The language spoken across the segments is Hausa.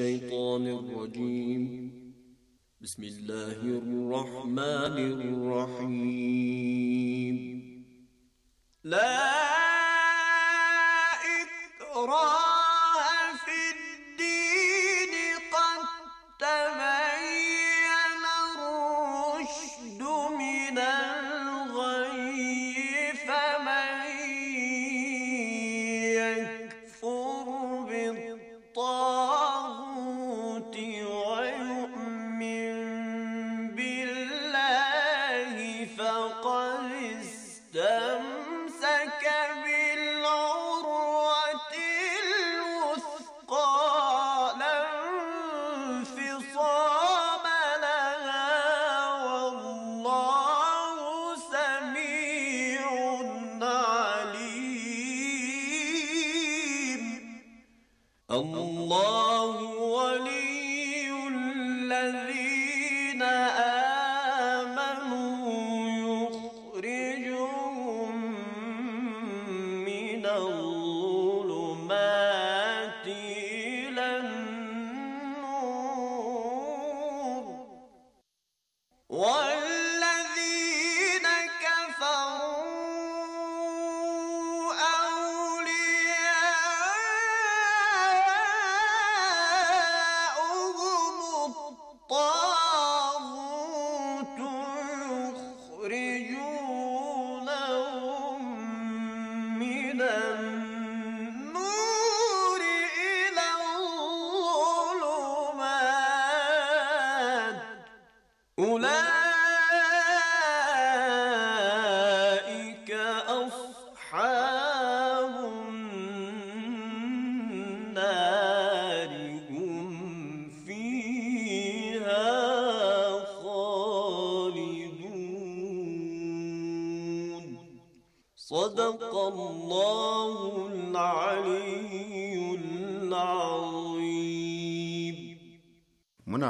الشيطان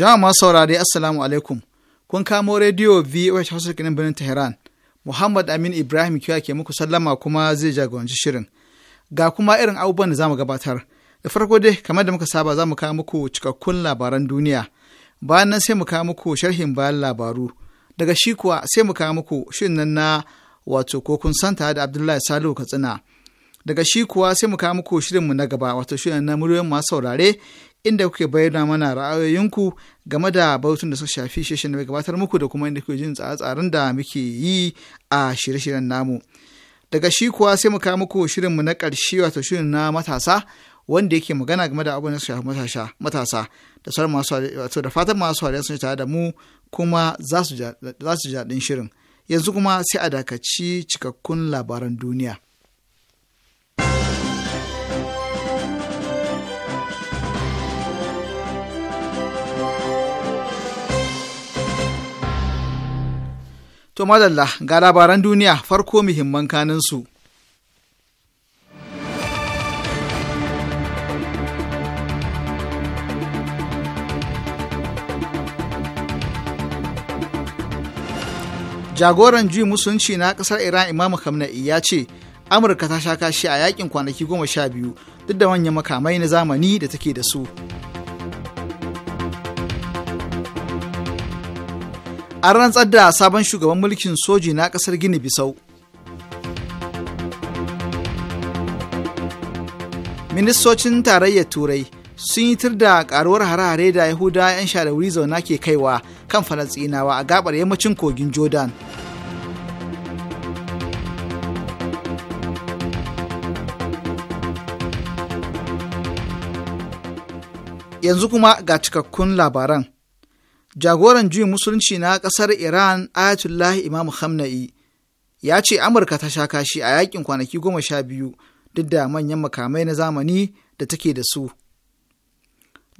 Jama'a masu saurare Assalamu alaikum. Kun kamo rediyo VOH Hausa kinin birnin Tehran. Muhammad Amin Ibrahim Kiyo ke muku sallama kuma zai jagoranci shirin. Ga kuma irin abubuwan da za mu gabatar. Da farko dai kamar da muka saba zamu kawo muku cikakkun labaran duniya. Bayan nan sai mu kawo muku sharhin bayan labaru. Daga shi kuwa sai mu kawo muku shirin nan na wato ko kun santa da Abdullahi Salihu Katsina. daga shi kuwa sai mu kawo muku shirinmu na gaba wato shirin na muryoyin masu saurare inda kuke bayyana mana ra'ayoyinku game da bautun da suka shafi shirin da gabatar muku da kuma inda kuke jin tsare-tsaren da muke yi a shirye-shiryen namu daga shi kuwa sai mu kawo muku shirinmu na ƙarshe wato shirin na matasa wanda yake magana game da abubuwan da suka shafi matasa da sauran masu wato da fatan masu saurare sun tare da mu kuma za su ji daɗin shirin yanzu kuma sai a dakaci cikakkun labaran duniya. To madalla ga labaran duniya farko muhimman kaninsu. Jagoran juyin musulunci na ƙasar Iran Imam Khamenei ya ce, Amurka ta sha kashi a yakin kwanaki goma sha biyu duk da manyan makamai na zamani da take da su. an rantsar da sabon shugaban mulkin soji na ƙasar gini bisau ministocin tarayyar turai sun yi tur da karuwar hare-hare da yahuda 'yan wuri zauna ke kaiwa kan falasɗinawa a gabar yammacin kogin jordan yanzu kuma ga cikakkun labaran jagoran juyin musulunci na ƙasar Iran Ayatollah Imam Khamenei ya ce Amurka ta sha kashi a yakin kwanaki goma sha biyu duk da manyan makamai na zamani da take da su.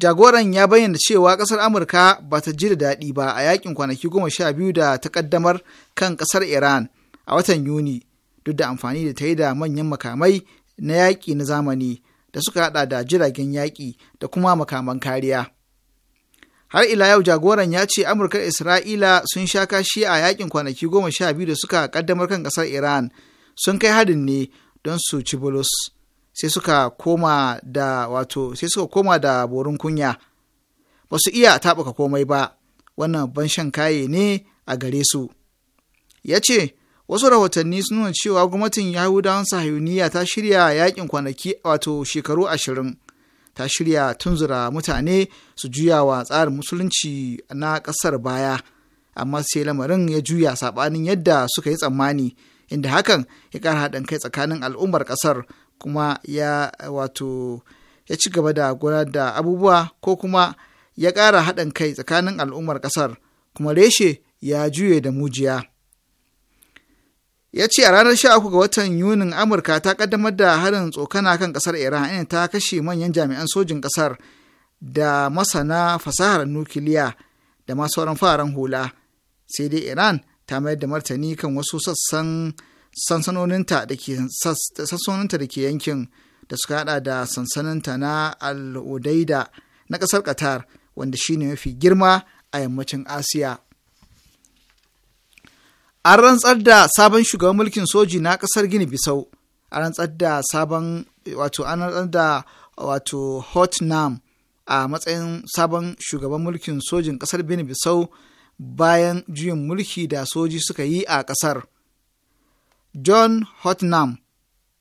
Jagoran ya bayyana cewa ƙasar Amurka ba ta ji da daɗi ba a yakin kwanaki goma sha biyu da ta ƙaddamar kan ƙasar Iran a watan Yuni duk da amfani da ta yi da manyan makamai na yaƙi na zamani da suka haɗa da jiragen yaƙi da kuma makaman kariya. har ila yau jagoran ya ce amurka isra'ila sun sha kashi a yakin kwanaki goma sha biyu da suka kaddamar kan kasar iran sun kai haɗin ne don su ci bulus sai suka koma da wato sai suka koma da borin kunya ba su iya taɓuka komai ba wannan ban shan kaye ne a gare su ya ce wasu rahotanni sun nuna cewa gwamnatin yahudawan sahiyuniya ta shirya yakin kwanaki wato shekaru ashirin ta shirya tunzura mutane su juya wa tsarin musulunci na ƙasar baya amma sai lamarin ya juya saɓanin yadda suka yi tsammani inda hakan ya ƙara haɗin kai tsakanin al'ummar ƙasar kuma ya wato ya ci gaba da gudanar da abubuwa ko kuma ya ƙara haɗin kai tsakanin al'ummar ƙasar kuma reshe ya juye da mujiya ya ce a ranar 13 ga watan yunin amurka ta kaddamar da harin tsokana kan kasar iran inda ta kashe manyan jami'an sojin kasar da masana fasahar nukiliya da masu sauran fararen hula sai dai iran ta mayar da martani kan wasu sassan sansanoninta da ke yankin da suka hada da sansaninta na al'udaida na kasar qatar wanda shine mafi girma a yammacin asiya An rantsar da sabon shugaban mulkin soji na ƙasar Gini Bisau, an rantsar da sabon wato an rantsar da wato Hotnam a matsayin sabon shugaban mulkin sojin ƙasar gini Bisau bayan juyin mulki da soji suka yi a ƙasar. John Hotnam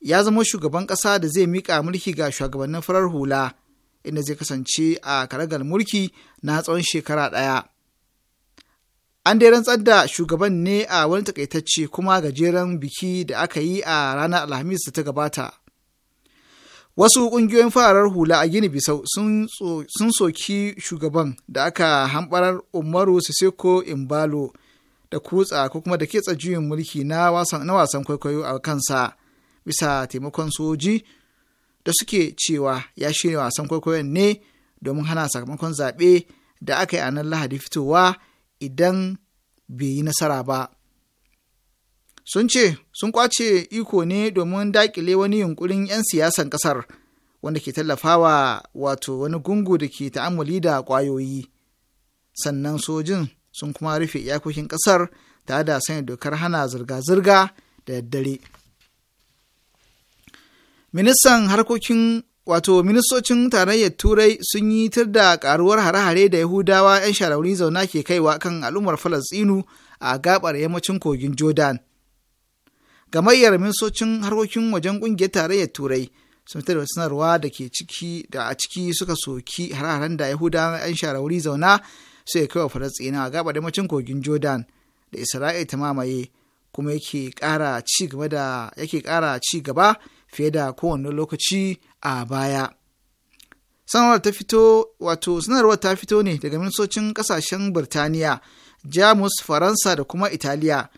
ya zama shugaban ƙasa da zai miƙa mulki ga shugabannin farar hula, inda zai kasance a karagar mulki na tsawon shekara ɗaya. An dai rantsar da shugaban ne a wani takaitacce kuma gajeren biki da aka yi a ranar Alhamis da ta gabata. Wasu ƙungiyoyin fararen hula a Gini Bisau sun soki shugaban da aka hambarar Umaru Sisiko Imbalo da kutsa ko kuma da ketsa juyin mulki na wasan kwaikwayo a kansa bisa taimakon soji da suke cewa ya shirya wasan kwaikwayon ne domin hana sakamakon zaɓe da aka yi a nan Lahadi fitowa. idan bai yi nasara ba. Sun ce sun kwace iko ne domin daƙile wani yunkurin 'yan siyasan ƙasar wanda ke tallafawa wato wani gungu da ke ta'amuli da ƙwayoyi. Sannan sojin sun kuma rufe iyakokin ƙasar tare da sanya dokar hana zirga-zirga da daddare. Ministan harkokin wato ministocin tarayyar turai sun yi tir da karuwar hare-hare da yahudawa 'yan sharauni zauna ke kaiwa kan al'ummar falastinu a gabar yammacin kogin jordan gamayyar ministocin harkokin wajen ƙungiyar tarayyar turai sun fitar da sanarwa da ke ciki da a ciki suka soki hare-haren da yahudawa 'yan sharauni zauna suka kaiwa falastinu a gabar yammacin kogin jordan da isra'il ta mamaye kuma yake ƙara ci gaba da yake kara ci gaba fiye da kowane lokaci a baya. Sanarwar ta fito wato sanarwar ta fito ne daga ministocin kasashen Birtaniya, Jamus, Faransa da kuma Italiya,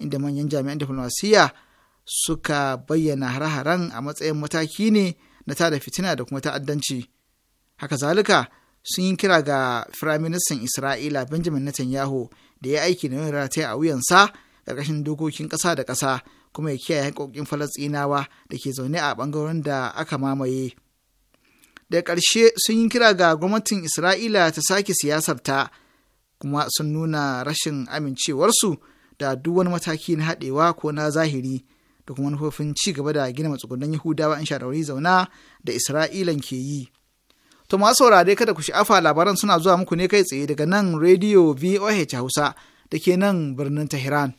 inda manyan jami'an diflomasiyya suka bayyana hare-haren a matsayin mataki ne na tada fitina da kuma ta'addanci. Haka zalika sun yi kira ga Firaministan Isra'ila Benjamin Netanyahu da ya aiki da yin rataya a wuyansa ƙarƙashin dokokin ƙasa da ƙasa kuma ya kiyaye haƙoƙin falasɗinawa da ke zaune a ɓangaren da aka mamaye da ƙarshe sun yi kira ga gwamnatin isra'ila ta sake siyasarta kuma sun nuna rashin amincewarsu da duk wani mataki na haɗewa ko na zahiri da kuma manufofin ci gaba da gina matsugunan yahudawa in shawarwari zauna da isra'ilan ke yi to masu saurare kada ku sha'afa labaran suna zuwa muku ne kai tsaye daga nan rediyo voh hausa da ke nan birnin tehran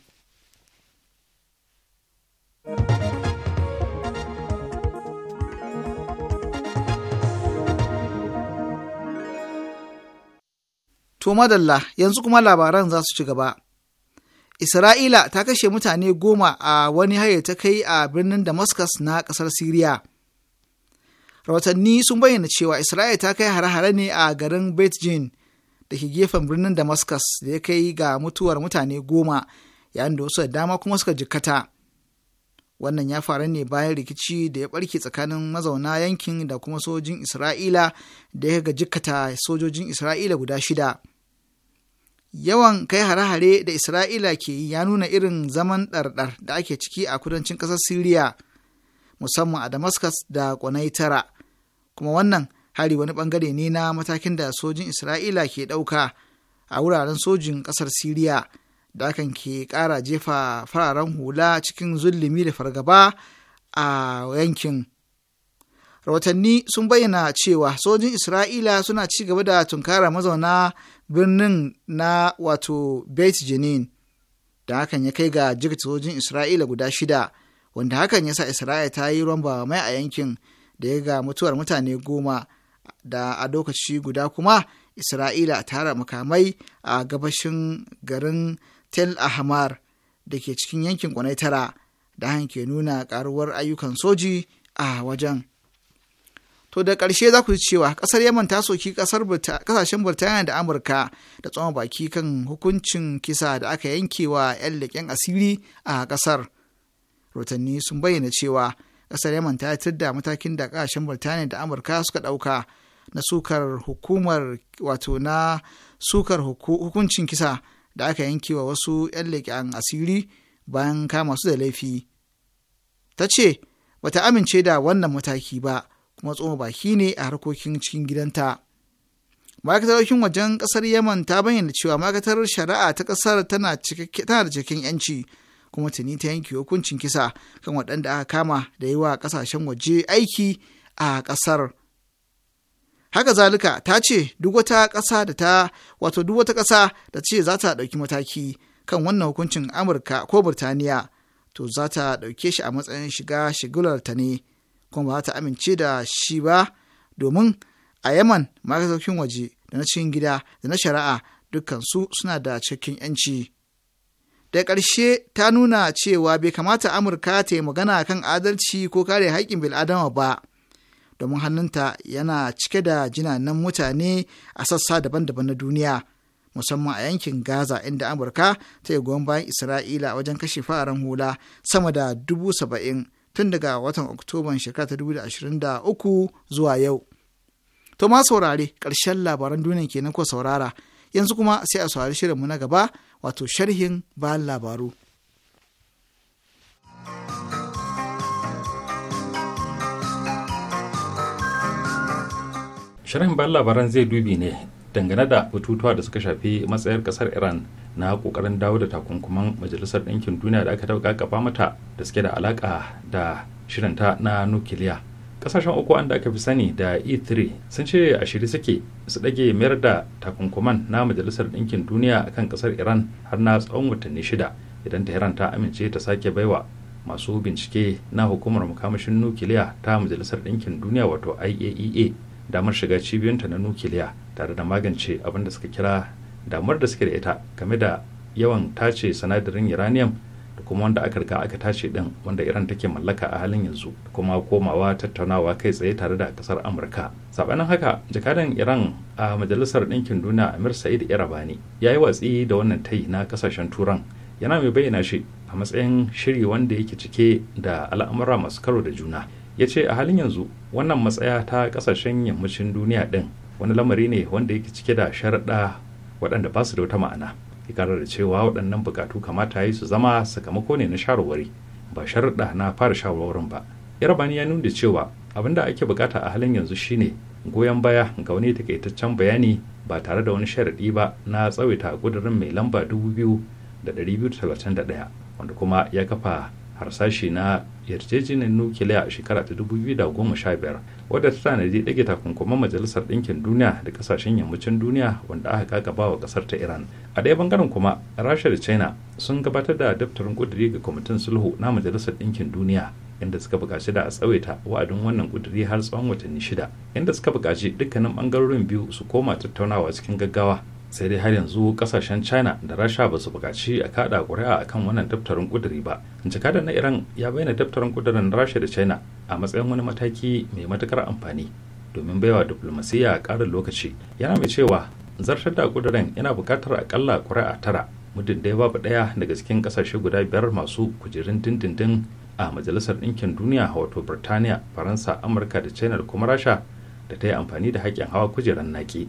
To madalla yanzu kuma labaran za su ci gaba. Isra'ila ta kashe mutane goma a wani haye ta kai a birnin Damascus na ƙasar Siriya. Rahotanni sun bayyana cewa Isra'ila ta kai hare-hare ne a garin Beit Jin da ke gefen birnin Damascus da ya kai ga mutuwar mutane goma yayin da wasu da dama kuma suka jikkata. Wannan ya faru ne bayan rikici da ya ɓarke tsakanin mazauna yankin da kuma sojojin Isra'ila da ya ga jikkata sojojin Isra'ila guda shida. yawan kai hare-hare da isra'ila ke yi ya nuna irin zaman ɗarɗar da ake ciki a kudancin ƙasar siriya musamman a damascus da tara kuma wannan hari wani ɓangare ne na matakin da sojin isra'ila ke ɗauka a wuraren sojin ƙasar siriya da hakan ke ƙara jefa fararen hula cikin zulumi da fargaba a yankin rahotanni sun bayyana cewa sojin isra'ila suna ci gaba da tunkara mazauna birnin na wato Beit Jenin da hakan ya kai ga jirgin sojin Isra'ila guda shida wanda hakan ya sa Isra'ila ta yi ruwan mai a yankin da ya ga mutuwar mutane goma da a lokaci guda kuma Isra'ila ta tara makamai a gabashin garin Tel Ahmar da ke cikin yankin tara, da hakan ke nuna karuwar ayyukan soji a wajen. To da ƙarshe za ku ji cewa ƙasar Yaman ta soki ƙasashen Burtaniya da Amurka da tsoma baki kan hukuncin kisa da aka yankewa wa 'yan leƙen asiri a ƙasar. Rotanni sun bayyana cewa ƙasar Yaman ta da matakin da ƙasashen Burtaniya da Amurka suka ɗauka na sukar hukumar wato na sukar hukuncin kisa da aka yankewa wasu 'yan leƙen asiri bayan kama su da laifi. Ta ce, bata amince da wannan mataki ba. kuma tsoma baki ne a harkokin cikin gidanta. ma'aikatar wajen ƙasar yaman ta bayyana cewa ma'aikatar shari'a ta ƙasar tana da cikin yanci kuma tuni ta yanke hukuncin kisa kan waɗanda aka kama da yi wa ƙasashen waje aiki a ƙasar haka zalika ta ce duk wata ƙasa da ta wato duk wata ƙasa da ce za ta ɗauki mataki kan wannan hukuncin amurka ko burtaniya to za ta ɗauke shi a matsayin shiga shigular ta ne kuma ba za ta amince da shi ba domin a yaman ma'aikatokin waje da na cikin gida da na shari'a dukkansu suna da cikin yanci da ƙarshe ta nuna cewa bai kamata amurka ta yi magana kan adalci ko kare haƙƙin bil'adama ba domin hannunta yana cike da jinanan mutane a sassa daban-daban na duniya musamman a yankin gaza inda amurka ta yi goyon bayan isra'ila wajen kashe fararen hula sama da dubu saba'in tun daga watan Oktoban shekara ta 2023 zuwa yau. To ma saurare ƙarshen labaran duniya kenan ko saurara yanzu kuma sai a saurari shirinmu na gaba wato sharhin bayan labaru. Sharhin bayan labaran zai dubi ne dangane da batutuwa da suka shafi matsayar kasar Iran na kokarin dawo da takunkuman majalisar ɗinkin duniya da aka dauka gaba mata da suke da alaka da shirinta na nukiliya kasashen uku da aka fi sani da e3 sun ce a shiri suke su ɗage mayar da takunkuman na majalisar ɗinkin duniya kan ƙasar iran har na tsawon watanni shida idan tehran ta amince ta sake baiwa masu bincike na hukumar mukamashin nukiliya ta majalisar ɗinkin duniya wato iaea e damar shiga cibiyunta na nukiliya tare da magance abin da suka kira damar da suke da ita game da yawan tace sinadarin uranium da kuma wanda aka riga aka tace din wanda iran take mallaka a halin yanzu kuma komawa tattaunawa kai tsaye tare da kasar amurka sabanin haka jakadan iran a majalisar ɗinkin duniya amir sa'id irabani ya yi watsi da wannan tayi na kasashen turan yana mai bayyana shi a matsayin shiri wanda yake cike da al'amura masu karo da juna ya ce a halin yanzu wannan matsaya ta kasashen yammacin duniya din wani lamari ne wanda yake cike da sharaɗa waɗanda ba su da wata ma'ana ya da cewa waɗannan bukatu kamata yi su zama sakamako ne na shawarwari ba sharuɗa na fara shawarwarin ba yarabani ya nuna cewa abin da ake bukata a halin yanzu shine goyon baya ga wani takaitaccen bayani ba tare da wani sharaɗi ba na tsawaita ƙudurin mai lamba da 2231 wanda kuma ya kafa harsashi na yarjejeniyar nukiliya a shekara ta da goma sha biyar. wadda ta tanadi ɗage takunkuman majalisar ɗinkin duniya da ƙasashen yammacin duniya wanda aka ba wa ƙasar ta iran a daya bangaren kuma rasha da china sun gabatar da daftarin ƙuduri ga kwamitin sulhu na majalisar ɗinkin duniya inda suka buƙaci da a tsawaita wa'adin wannan ƙuduri har tsawon watanni shida inda suka buƙaci dukkanin ɓangarorin biyu su koma tattaunawa cikin gaggawa sai dai har yanzu kasashen china da rasha ba su bukaci a kada ƙuri'a akan wannan daftarin kuduri ba jakada na iran ya bayyana daftarin kudurin rasha da china a matsayin wani mataki mai matukar amfani domin baiwa diplomasiya ƙarin lokaci yana mai cewa zartar da kudurin yana bukatar aƙalla ƙuri'a tara muddin dai babu ɗaya daga cikin ƙasashe guda biyar masu kujerun dindindin a majalisar ɗinkin duniya wato birtaniya faransa amurka da china da kuma rasha da ta yi amfani da haƙƙin hawa kujerar naƙi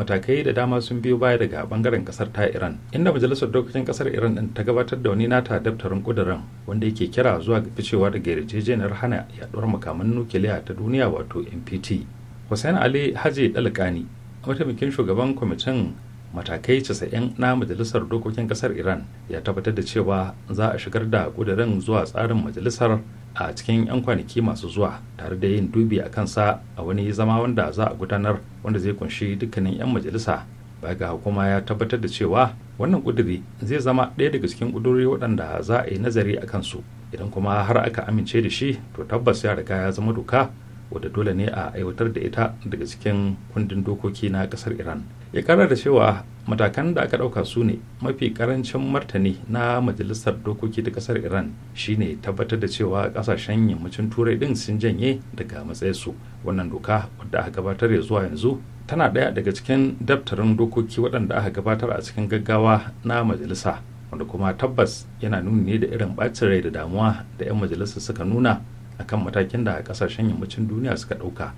matakai da dama sun biyo baya daga bangaren kasar ta iran inda majalisar dokokin kasar iran din ta gabatar da wani nata daftarin kudirin wanda yake kira zuwa ga ficewa daga yarjejeniyar hana yaduwar makaman nukiliya ta duniya wato npt hussein ali haji dalkani mataimakin shugaban kwamitin matakai 90 na majalisar dokokin kasar iran ya tabbatar da cewa za a shigar da kudirin zuwa tsarin majalisar a cikin 'yan kwanaki masu zuwa tare da yin dubi a kansa a wani zama wanda za a gudanar wanda zai kunshi dukkanin 'yan majalisa baya ga hukuma ya tabbatar da cewa wannan kuduri zai zama ɗaya daga cikin kuduri waɗanda za a yi nazari a kansu idan kuma har aka amince da shi to tabbas ya riga ya zama doka wadda dole ne a aiwatar da ita daga cikin kundin dokoki na kasar iran ya kara da cewa matakan da aka ɗauka su ne mafi karancin martani na majalisar dokoki ta kasar iran shine tabbatar da cewa kasashen yammacin turai din sun janye daga matsayinsu wannan doka wadda aka gabatar ya zuwa yanzu tana ɗaya daga cikin daftarin dokoki waɗanda aka gabatar a cikin gaggawa na majalisa wanda kuma tabbas yana nuni ne da irin ɓacin rai da damuwa da 'yan majalisa suka nuna akan matakin da kasashen yammacin duniya suka ɗauka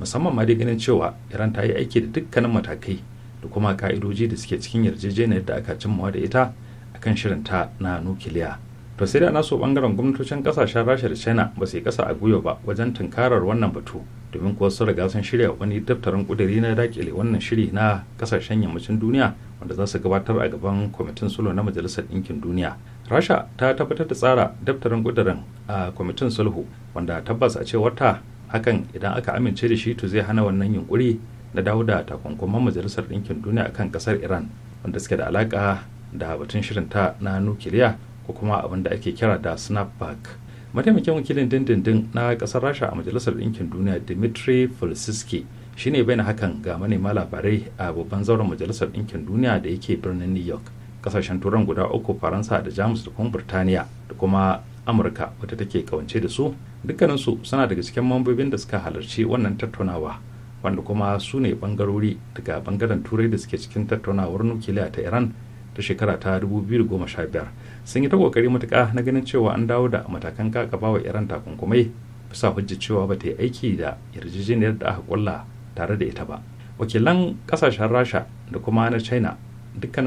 musamman ma dai ganin cewa iran ta yi aiki da dukkanin matakai da kuma ka'idoji da suke cikin yarjejeniyar da aka cimmawa da ita akan ta na nukiliya to sai da na so bangaren gwamnatocin kasashen rasha da china ba su yi kasa a gwiwa ba wajen tunkarar wannan batu domin kuwa sun riga sun shirya wani daftarin kudiri na dakile wannan shiri na kasashen yammacin duniya wanda za su gabatar a gaban kwamitin sulo na majalisar ɗinkin duniya rasha ta tabbatar da tsara daftarin kudirin a kwamitin sulhu wanda tabbas a cewar ta hakan idan aka amince da shi to zai hana wannan yunkuri na dawo da takunkuman majalisar ɗinkin duniya akan ƙasar iran wanda suke da alaƙa da batun shirin ta na nukiliya ko kuma abin da ake kira da snapback mataimakin wakilin dindindin na ƙasar rasha a majalisar ɗinkin duniya dimitri fulsiski shine na hakan ga manema labarai a babban zauren majalisar ɗinkin duniya da yake birnin new york kasashen turan guda uku faransa da jamus da kuma burtaniya da kuma amurka wata take kawance da su dukkaninsu suna daga cikin mambobin da suka halarci wannan tattaunawa wanda kuma su ne bangarori daga bangaren turai da suke cikin tattaunawar nukiliya ta iran ta shekara ta 2015 sun yi ta kokari matuka na ganin cewa an dawo da matakan kakaba wa iran takunkumai bisa hujjar cewa ba ta yi aiki da yarjejeniyar da aka kulla tare da ita ba wakilan kasashen rasha da kuma na china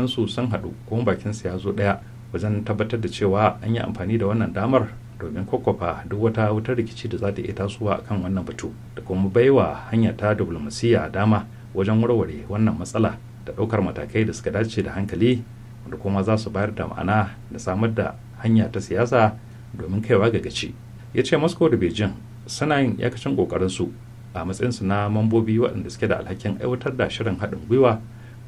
su sun haɗu kuma su ya zo ɗaya wajen tabbatar da cewa an yi amfani da wannan damar domin kwakwafa duk wata wutar rikici da za ta iya tasowa kan wannan batu da kuma baiwa hanya ta diplomasiya dama wajen warware wannan matsala da ɗaukar matakai da suka dace da hankali da kuma za su bayar da ma'ana da samar da hanya ta siyasa domin kaiwa ga gaci ya ce moscow da beijing suna yin iyakacin kokarinsu a matsayinsu na mambobi waɗanda suke da alhakin aiwatar da shirin haɗin gwiwa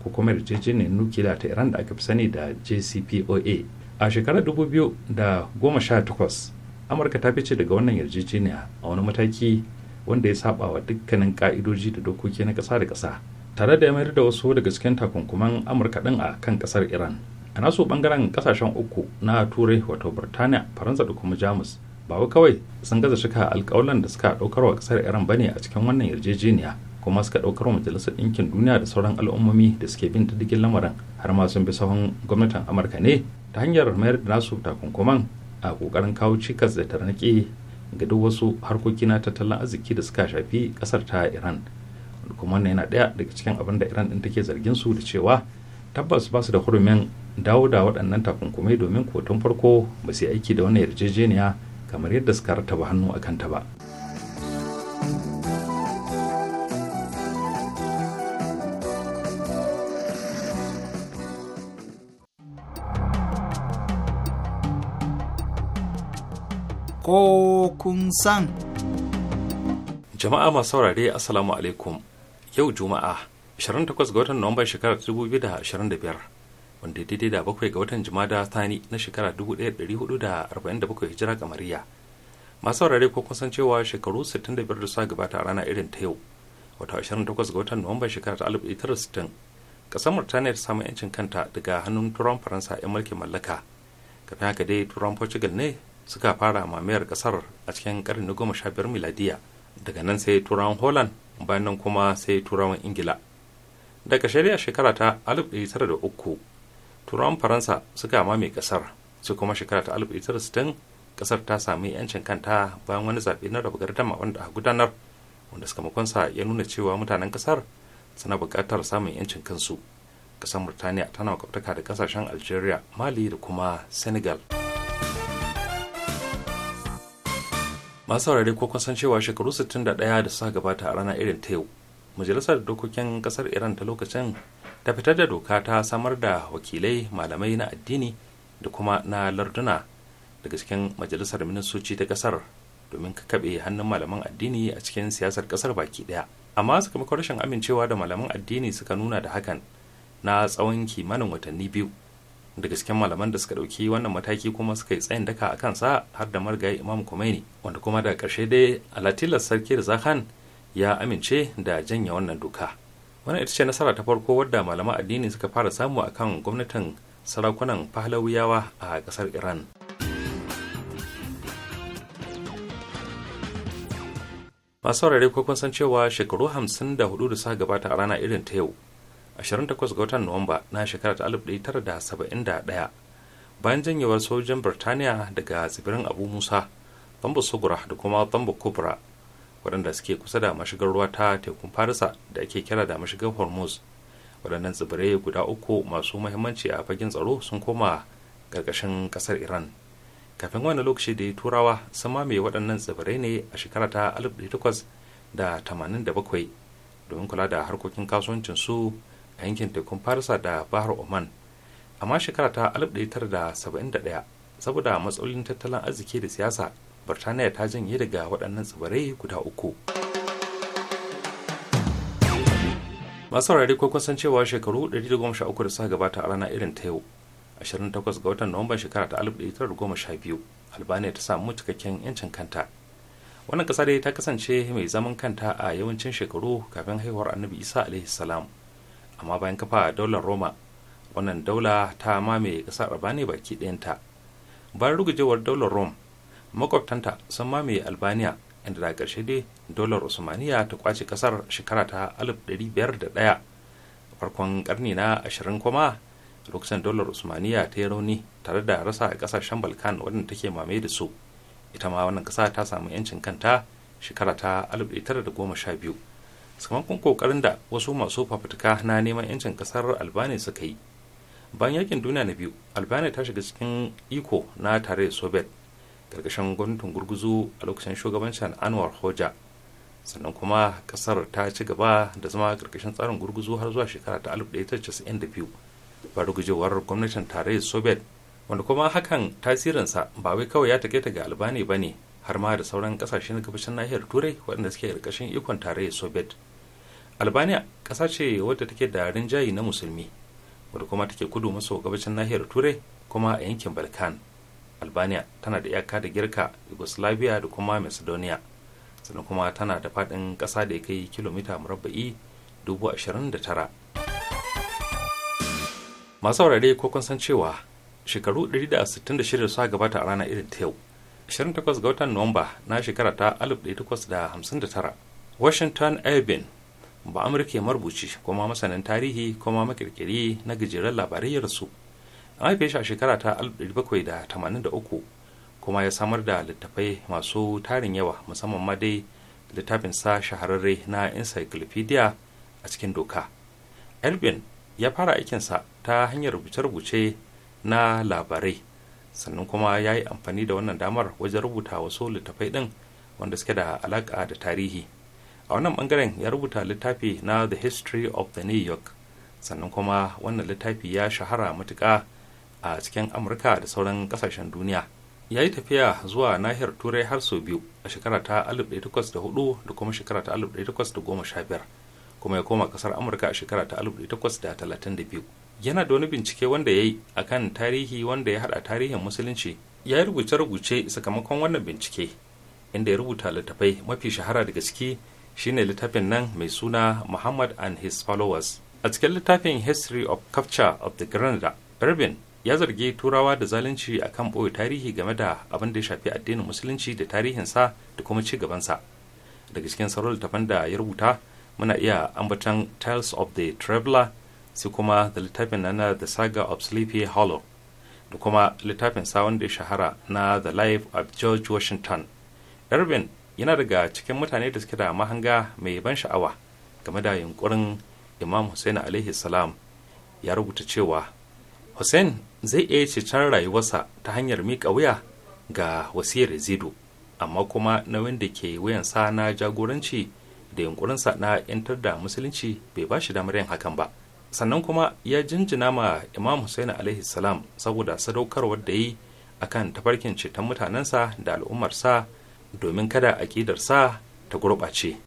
hukumar kuma yarjejeniyar nukiliya ta iran da aka fi sani da jcpoa a shekarar 2018 amurka ta fice daga wannan yarjejeniya a wani mataki wanda ya saba wa dukkanin ka'idoji da dokoki na kasa da kasa. tare da ya mayar da wasu daga cikin takunkuman amurka din a kan kasar iran a naso bangaren kasashen uku na turai wato birtaniya faransa da kuma jamus ba kawai sun gaza shika alkawalan da suka daukar wa kasar iran bane a cikin wannan yarjejeniya kuma suka ɗaukar majalisar ɗinkin duniya da sauran al'ummomi da suke bin diddigin lamarin har ma sun bi sahun gwamnatin amurka ne ta hanyar mayar da nasu takunkuman a ƙoƙarin kawo cikas da tarnaƙi ga duk wasu harkoki na tattalin arziki da suka shafi ƙasar ta iran kuma wannan yana ɗaya daga cikin abin da iran ɗin take zargin su da cewa tabbas ba su da hurumin dawo da waɗannan takunkumai domin kotun farko ba su yi aiki da wani yarjejeniya kamar yadda suka rataba hannu a kanta ba ko kun san. Jama'a masu saurare Assalamu alaikum yau Juma'a 28 ga watan Nuwamban shekarar 2025 wanda daidai da bakwai ga watan Jumada Thani na shekara 1447 hijira kamariya. Masu saurare ko kun san cewa shekaru 65 da suka gabata a rana irin ta yau wata 28 ga watan Nuwamban shekarar 1960 kasar Murtaniya ta samu 'yancin kanta daga hannun turan Faransa 'yan mulkin mallaka. Kafin haka dai turan Portugal ne suka fara mamayar kasar a cikin karni na goma sha biyar miladiya daga nan sai turawan holland bayan nan kuma sai turawan ingila daga shari'a shekara ta 1903 turawan faransa suka mamaye kasar su kuma shekara ta 1960 kasar ta sami yancin kanta bayan wani zaɓe na raba gardama wanda a gudanar wanda sakamakonsa ya nuna cewa mutanen kasar suna buƙatar samun yancin kansu kasar murtaniya tana kwaftaka da kasashen algeria mali da kuma senegal masu saurare ko kun san cewa shekaru 61 da suka gabata a rana irin ta yau majalisar dokokin kasar iran ta lokacin ta fitar da doka ta samar da wakilai malamai na addini da kuma na larduna daga cikin majalisar ministoci ta kasar domin kaɓe hannun malaman addini a cikin siyasar kasar baki daya amma sakamakon rashin amincewa da malaman addini suka nuna da hakan na tsawon kimanin watanni biyu da gasken malaman da suka dauki wannan mataki kuma suka yi tsayin daka a kansa har da margayi imam Khomeini wanda kuma da karshe dai alatilar sarki da zakan ya amince da janya wannan doka wannan ita ce nasara ta farko wadda malaman addini suka fara samu akan gwamnatin sarakunan fahlawiyawa a kasar iran masu saurare ko kun san cewa shekaru hudu da suka gabata a rana irin ta yau 28 ga watan nuwamba na shekarar 1971 bayan janyewar sojojin birtaniya daga tsibirin abu musa Tambu sugura da kuma Tambu kubra waɗanda suke kusa da mashigar ruwa ta tekun farisa da ake kira da mashigar hormuz waɗannan tsibirai guda uku masu muhimmanci a fagen tsaro sun koma ƙarƙashin ƙasar iran kafin wani lokaci da turawa sun mamaye waɗannan tsibirai ne a shekara ta 1887 domin kula da harkokin kasuwancin su a yankin tekun farisa da bahar oman amma shekara ta 1971 saboda matsalolin tattalin arziki da siyasa birtaniya ta janye daga waɗannan tsibirai guda uku masu saurari ko kusan cewa shekaru 113 da suka gabata a rana irin ta yau 28 ga watan nuwamban shekara ta 1912 albania ta samu cikakken yancin kanta wannan ƙasa dai ta kasance mai zaman kanta a yawancin shekaru kafin haihuwar annabi isa alaihi salam amma bayan kafa daular roma wannan daula ta mamaye ƙasar albania baki ɗayanta bayan rugujewar daular rome makwabtanta sun mamaye albania inda da ƙarshe dai daular usmaniya ta kwace ƙasar shekara ta 1501 farkon karni na 20 kuma lokacin daular usmaniya ta yi rauni tare da rasa ƙasashen balkan wadanda take mamaye da su ita ma wannan ƙasa ta samu 'yancin kanta shekara ta 1912 sakamakon kokarin da wasu masu fafutuka na neman yancin kasar albania suka yi bayan yakin duniya na biyu albania ta shiga cikin iko na tare soviet karkashin gwamnatin gurguzu a lokacin shugabancin anwar hoja sannan kuma kasar ta ci gaba da zama karkashin tsarin gurguzu har zuwa shekara ta 1992 ba gujewar gwamnatin tarayyar soviet wanda kuma hakan tasirinsa ba wai kawai ya take ta ga albani ba ne har ma da sauran kasashe na gabashin nahiyar turai waɗanda suke ƙarƙashin ikon tarayyar soviet albania ƙasa ce wadda take da rinjayi na musulmi wadda kuma take kudu maso gabashin nahiyar turai kuma a yankin balkan albania tana da iyaka da girka yugoslavia da kuma macedonia sannan kuma tana da faɗin ƙasa da ya kai kilomita murabba'i tara. masu saurare ko kun san cewa shekaru 166 suka gabata a rana irin ta yau 28 ga watan nuwamba na shekara ta 1859 washington irving ba amurka marubuci kuma masanin tarihi kuma makirkiri na gajeren labarai su. an haife shi a shekara ta 1783 kuma ya samar da littattafai masu tarin yawa musamman ma dai littafin sa shahararre na encyclopedia a cikin doka irving ya fara aikinsa ta hanyar rubuce-rubuce na labarai sannan kuma ya yi amfani da wannan damar wajen rubuta wasu littafai ɗin wanda suke da alaƙa da tarihi a wannan ɓangaren ya rubuta littafi na the history of the new york sannan kuma wannan littafi ya shahara matuka a cikin amurka da sauran ƙasashen duniya ya yi tafiya zuwa nahiyar turai har sau biyu a shekara ta 1804 da kuma shekara ta 1815 kuma ya koma ƙasar amurka a shekara ta 1832 yana da wani bincike wanda ya yi a kan tarihi wanda ya haɗa tarihin musulunci ya yi rubuce-rubuce sakamakon wannan bincike inda ya rubuta littafai mafi shahara da gaske shine littafin nan mai suna muhammad and his followers a cikin littafin history of capture of the grenada irvin ya zargi turawa da zalunci a kan ɓoye tarihi game da abin da ya shafi addinin musulunci da tarihinsa da kuma ci gabansa daga cikin sauran littafan da ya rubuta muna iya ambatan tales of the traveler sai kuma da littafin na The Saga of Sleepy Hollow da kuma littafin sa wanda ya shahara na The Life of George Washington. Irvin yana daga cikin mutane da suke da mahanga mai ban sha'awa game da yunkurin Imam Hussein alaihi salam ya rubuta cewa Hussein zai iya cetar rayuwarsa ta hanyar miƙa wuya ga wasiyar zido amma kuma nauyin da ke wuyansa na jagoranci da yunkurinsa na 'yantar da musulunci bai ba shi damar yin hakan ba. sannan kuma ya jinjina ma imam Hussein alaihi salam saboda sadaukarwar da yi akan tafarkin ceton mutanensa da al'ummarsa domin kada aƙidarsa ta gurɓace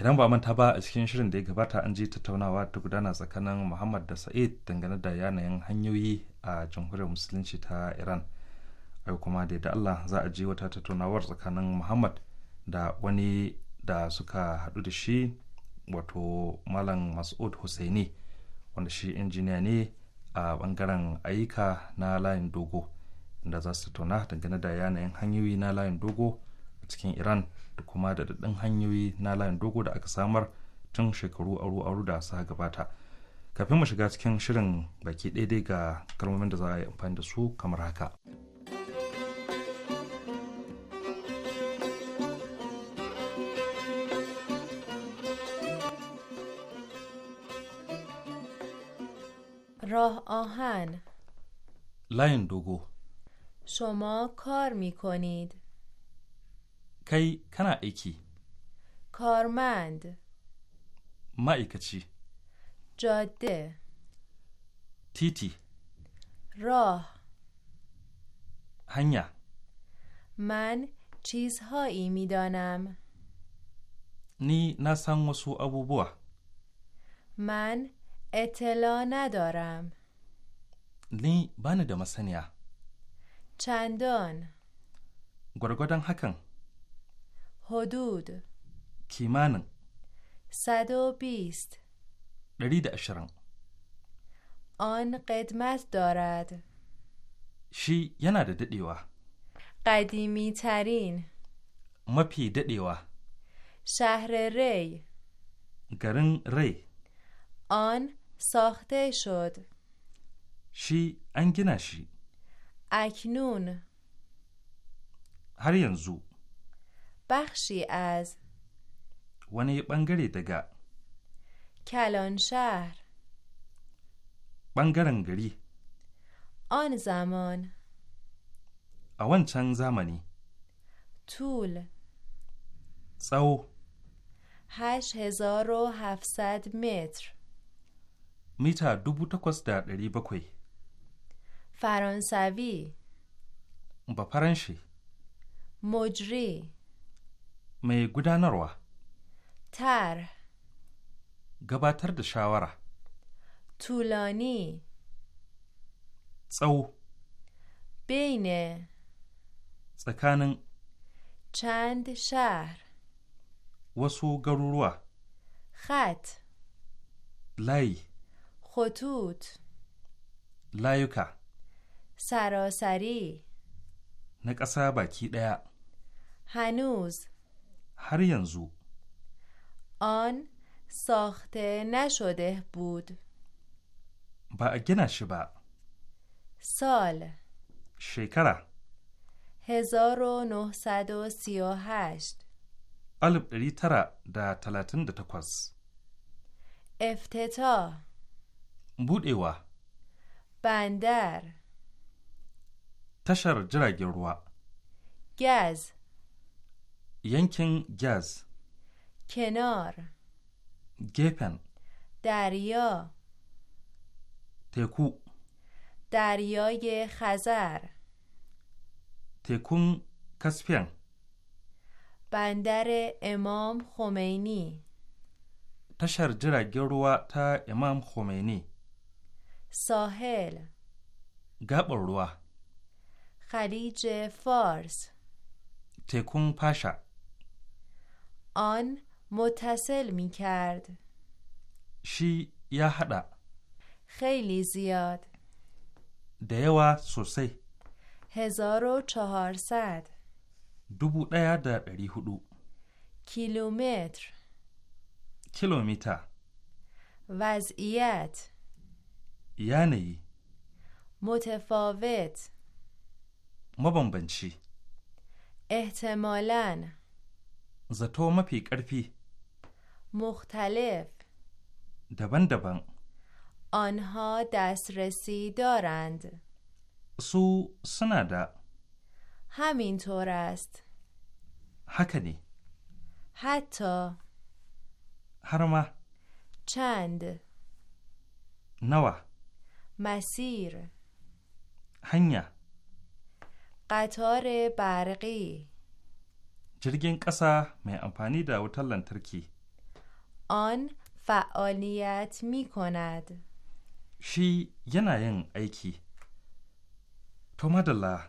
idan ba manta ba a cikin shirin da ya gabata an ji tattaunawa ta gudana tsakanin muhammad da sa'id dangane da yanayin hanyoyi a jamhuriyar musulunci ta iran ai kuma da allah za a ji wata tattaunawar tsakanin muhammad da wani da suka haɗu da shi wato malam mas'ud hussaini wanda shi injiniya ne a bangaren ayyuka na layin dogo inda za su tattauna dangane da yanayin hanyoyi na layin dogo a cikin iran da kuma da daɗin hanyoyi na layin dogo da aka samar tun shekaru aru aru da sa gabata kafin mu shiga cikin shirin baki daidai ga kalmomin da za a yi amfani da su kamar haka راه آهن لاین دوگو شما کار می کی کنا ایکی کارمند مa'aikaci جاده تیتی راه هنیا من چیزهایی میدانم نی نسان وسو بوا من اطلاع ندارم نی بانی دا چندان گرگودن حکن حدود kimanin صد بیست دارید اشرم آن قدمت دارد شی یه نده ددیوه قدیمی ترین مپی ددیوه شهر ری گرن ری آن ساخته شد شی انگنشی اکنون هر ینزو بخشی از ونی بنگری دگا کلان شهر بنگرنگری آن زمان اون چند زمانی طول سو هشت هزار و هفتصد متر میتا بوتا کست در دری بکوی فرانسوی با پرنشی مجری mai gudanarwa tar gabatar da shawara tulani tsawo bene tsakanin chand shahr wasu garuruwa khat layi khutut layuka sarasari na ƙasa baki ɗaya hanuz هر ینزو آن ساخته نشده بود با اگه سال شکره هزار و نه سد و سی و هشت الب اری ترا دا تلاتن ده تکوز افتتا بود ایوا بندر تشر جرگ روا گز ینکن گز کنار گپن دریا تکو دریای خزر تکون کسپین بندر امام خمینی تشر جرا گروا تا امام خمینی ساحل گبروه خلیج فارس تکون پاشا آن متصل می کرد شی یا خیلی زیاد دیوا سوسی هزار و چهارصد دوبو در هدو کیلومتر کیلومتر وضعیت یعنی متفاوت مبنبنچی احتمالاً zato mafi ƙarfi مختلف دبان daban آنها دسترسی دارند سو سنادا همینطور است حکنی حتی هرما چند نوا مسیر هنیا قطار برقی jirgin ƙasa mai amfani da wutar lantarki. On fa'aliyat mikonad. Shi yana yin aiki. To madalla,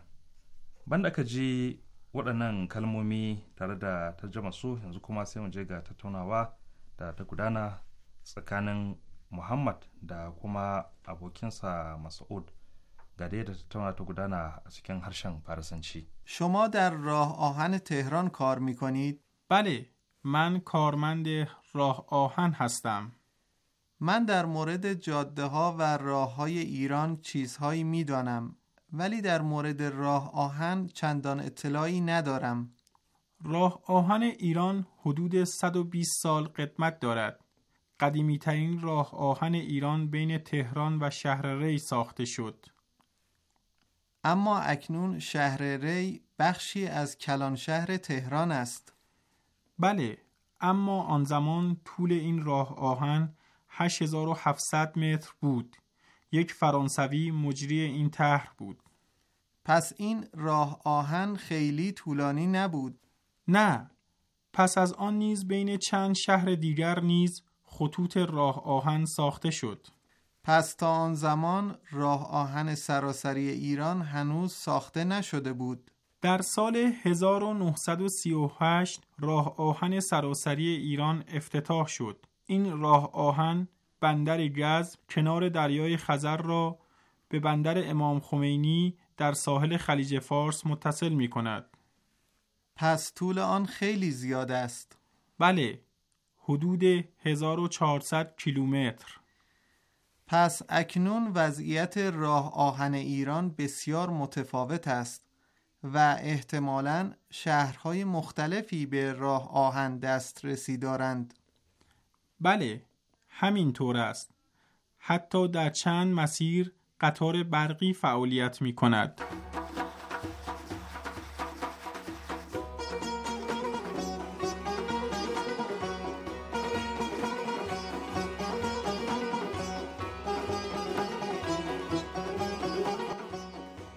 banda ka ji waɗannan kalmomi tare da tarjama su yanzu kuma sai mu je ga tattaunawa da ta gudana tsakanin Muhammad da kuma abokinsa Mas'ud. شما در راه آهن تهران کار می کنید؟ بله، من کارمند راه آهن هستم. من در مورد جاده ها و راه های ایران چیزهایی می دانم ولی در مورد راه آهن چندان اطلاعی ندارم. راه آهن ایران حدود 120 سال قدمت دارد. قدیمیترین ترین راه آهن ایران بین تهران و شهر ری ساخته شد. اما اکنون شهر ری بخشی از کلان شهر تهران است بله اما آن زمان طول این راه آهن 8700 متر بود یک فرانسوی مجری این طرح بود پس این راه آهن خیلی طولانی نبود نه پس از آن نیز بین چند شهر دیگر نیز خطوط راه آهن ساخته شد پس تا آن زمان راه آهن سراسری ایران هنوز ساخته نشده بود. در سال 1938 راه آهن سراسری ایران افتتاح شد. این راه آهن بندر گز کنار دریای خزر را به بندر امام خمینی در ساحل خلیج فارس متصل می کند. پس طول آن خیلی زیاد است. بله، حدود 1400 کیلومتر. پس اکنون وضعیت راه آهن ایران بسیار متفاوت است و احتمالا شهرهای مختلفی به راه آهن دسترسی دارند بله همینطور است حتی در چند مسیر قطار برقی فعالیت می کند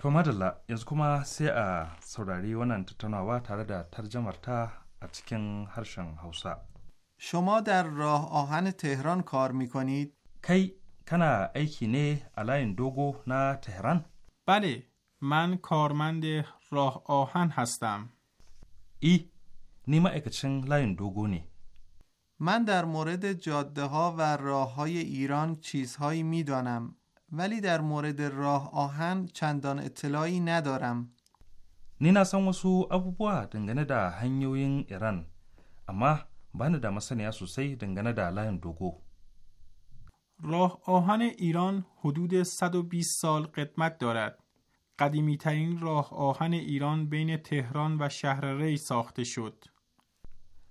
Alfa yanzu kuma sai a saurari wannan tattaunawa tare da tarjamarta a cikin harshen Hausa. Shoma dar roh ohan Tehran kar mikonid? Kai, kana aiki ne a layin dogo na Tehran? Bale, man karmande roh ohan hastam. I, ni ma'aikacin layin dogo ne. من در مورد جاده ها و راه های ایران چیزهایی میدانم ولی در مورد راه آهن چندان اطلاعی ندارم. نینا سان وسو ابوبوا دنگنه دا هنیوین ایران اما بانه دا سوسی دنگنه دا لاین دوگو. راه آهن ایران حدود 120 سال قدمت دارد. قدیمی ترین راه آهن ایران بین تهران و شهر ری ساخته شد.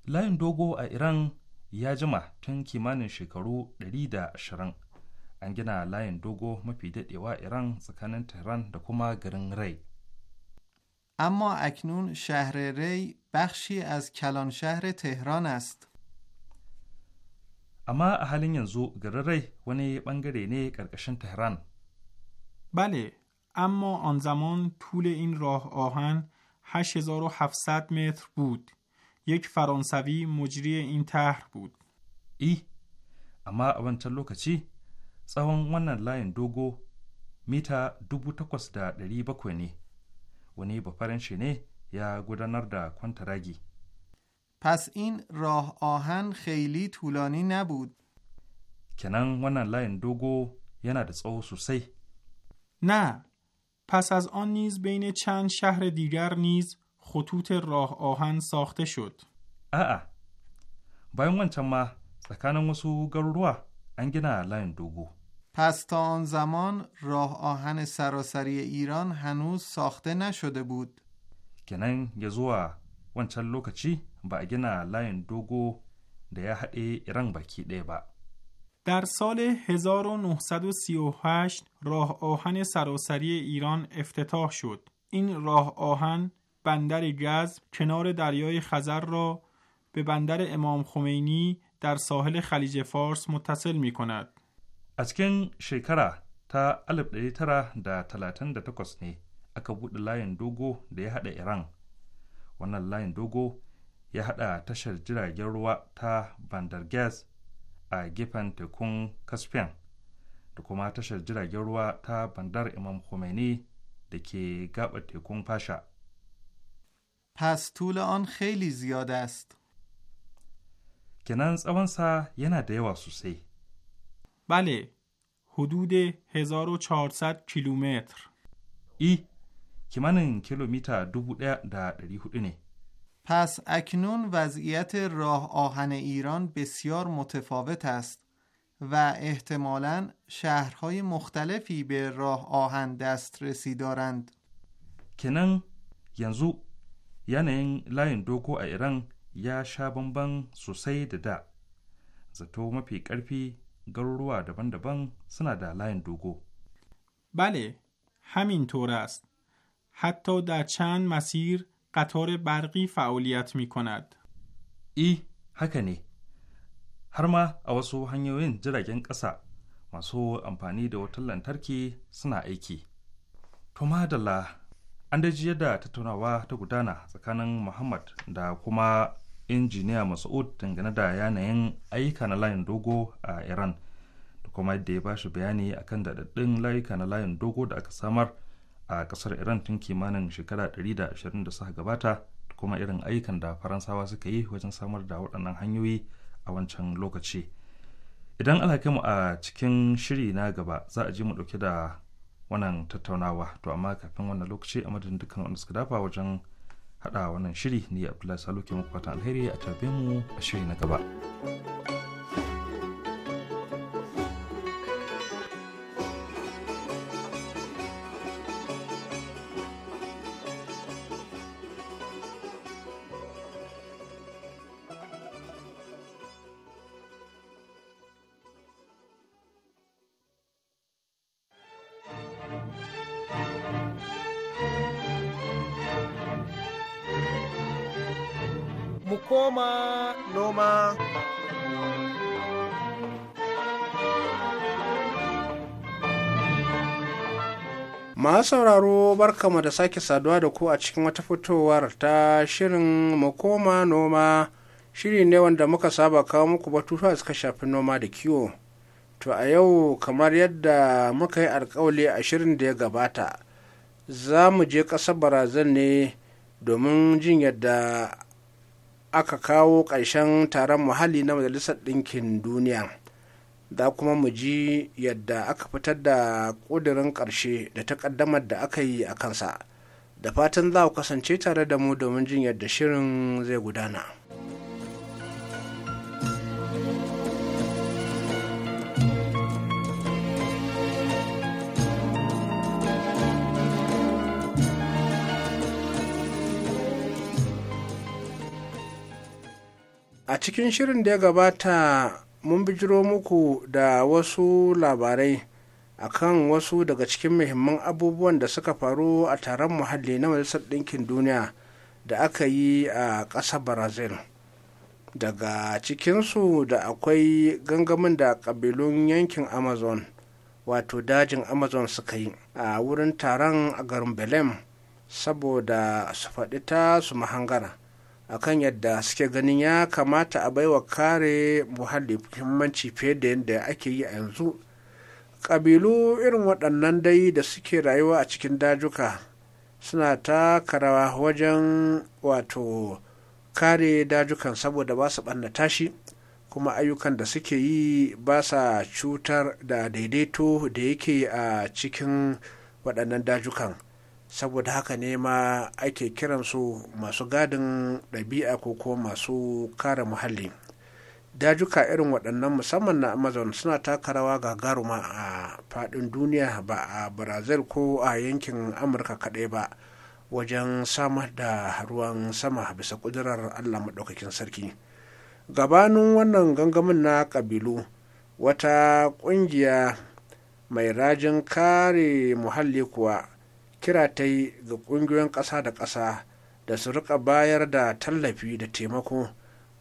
لاین دوگو ایران یا جمع تن کیمان شکرو دلی شرنگ. an gina layin dogo mafi daɗewa iran tsakanin tehran da kuma garin rai اما اکنون شهر ری بخشی از کلان شهر تهران است. اما اهلین ینزو گره ری ونی بنگره نی کرکشن تهران. بله، اما آن زمان طول این راه آهن 8700 متر بود. یک فرانسوی مجری این تهر بود. ای، اما اون چلو کچی؟ tsawon wannan layin dogo mita 8,700 ne wani bafaranshi ne ya gudanar da kwantaragi پس in راه آهن خیلی طولانی نبود. Kenan wannan layin dogo yana da tsawo sosai. Na. پس از آن نیز بین چند شهر دیگر نیز خطوط راه آهن ساخته شد. bayan wancan ma tsakanin wasu garuruwa an gina layin dogo. پس تا آن زمان راه آهن سراسری ایران هنوز ساخته نشده بود. کنن یزوا wancan lokaci ba در سال 1938 راه آهن سراسری ایران افتتاح شد. این راه آهن بندر گزب کنار دریای خزر را به بندر امام خمینی در ساحل خلیج فارس متصل می کند. a cikin shekara ta 1938 ne aka buɗe layin dogo da ya haɗa iran wannan layin dogo ya haɗa tashar jiragen ruwa ta bandar gas a gefen tekun caspian da kuma tashar jiragen ruwa ta bandar imam khomeini da ke gaba tekun fasha Pas tula آن خیلی ziyadast. Kenan tsawonsa yana da yawa sosai. بله حدود 1400 کیلومتر ای دو در 1400 نه پس اکنون وضعیت راه آهن ایران بسیار متفاوت است و احتمالا شهرهای مختلفی به راه آهن دسترسی دارند. کنن ینزو یعنی لاین دوگو ایران یا شابنبن سوسی دا. زتو mafi کلپی. garuruwa daban-daban suna da layin dogo. Bale, همین طور است. da Can-Masir, مسیر قطار برقی فعالیت می کند. haka ne har ma a wasu hanyoyin jiragen ƙasa masu amfani da wutar lantarki suna aiki da La, an daji yadda tattaunawa ta gudana tsakanin muhammad da kuma injiniya mas'ud dangane da yanayin ayyuka na layin dogo a iran da kuma yadda ya bashi bayani akan daɗaɗɗun layuka na layin dogo da aka samar a ƙasar iran tun kimanin shekara 120 da suka gabata da kuma irin ayyukan da faransawa suka yi wajen samar da waɗannan hanyoyi a wancan lokaci idan mu a cikin shiri na gaba za a ji mu ɗauke da wannan tattaunawa to amma kafin wannan lokaci a madadin dukkan wanda suka dafa wajen haɗa wannan shiri ne abdullahi salo ke muku alheri a tarbe mu a shiri na gaba. noma noma. masu sauraro barkama da sake saduwa da ku a cikin wata fitowar ta shirin makoma noma shiri ne wanda muka saba kawo muku batutuwa suka shafi noma da kiwo to a yau kamar yadda muka yi alkawali a shirin da ya gabata za mu je ƙasar barazan ne domin jin yadda aka kawo ƙarshen taron muhalli na majalisar ɗinkin duniya za kuma mu ji yadda aka fitar da ƙudurin ƙarshe da ta ƙaddamar da aka yi a kansa da fatan za ku kasance tare da mu domin jin yadda shirin zai gudana. a cikin shirin da ya gabata mun bijiro muku da wasu labarai a kan wasu daga cikin muhimman abubuwan da suka faru a taron muhalli na majalisar ɗinkin duniya da aka yi a ƙasar brazil daga cikinsu da akwai gangamin da ƙabilun yankin amazon wato dajin amazon suka yi a wurin taron a garin belem saboda su faɗi ta su mahangara akan yadda suke ganin ya kamata a baiwa kare muhalli muhimmanci fiye da yadda ake yi a yanzu ƙabilu irin waɗannan dai da suke rayuwa a cikin dajuka suna taka rawa wajen wato kare dajukan saboda ba su ɓannata shi kuma ayyukan da suke yi ba sa cutar da daidaito da yake a cikin waɗannan dajukan saboda haka ne ma ake kiransu masu gadin ɗabi'a ko kuma masu kare muhalli dajuka irin waɗannan musamman na amazon suna taka rawa gagaruma a faɗin duniya ba a brazil ko a yankin amurka kaɗai ba wajen samar da ruwan sama bisa ƙudurar allah maɗaukakin sarki gabanin wannan gangamin na ƙabilu wata ƙungiya mai rajin kare muhalli kuwa kira ta yi ga ƙungiyoyin ƙasa da ƙasa da su riƙa bayar da tallafi da taimako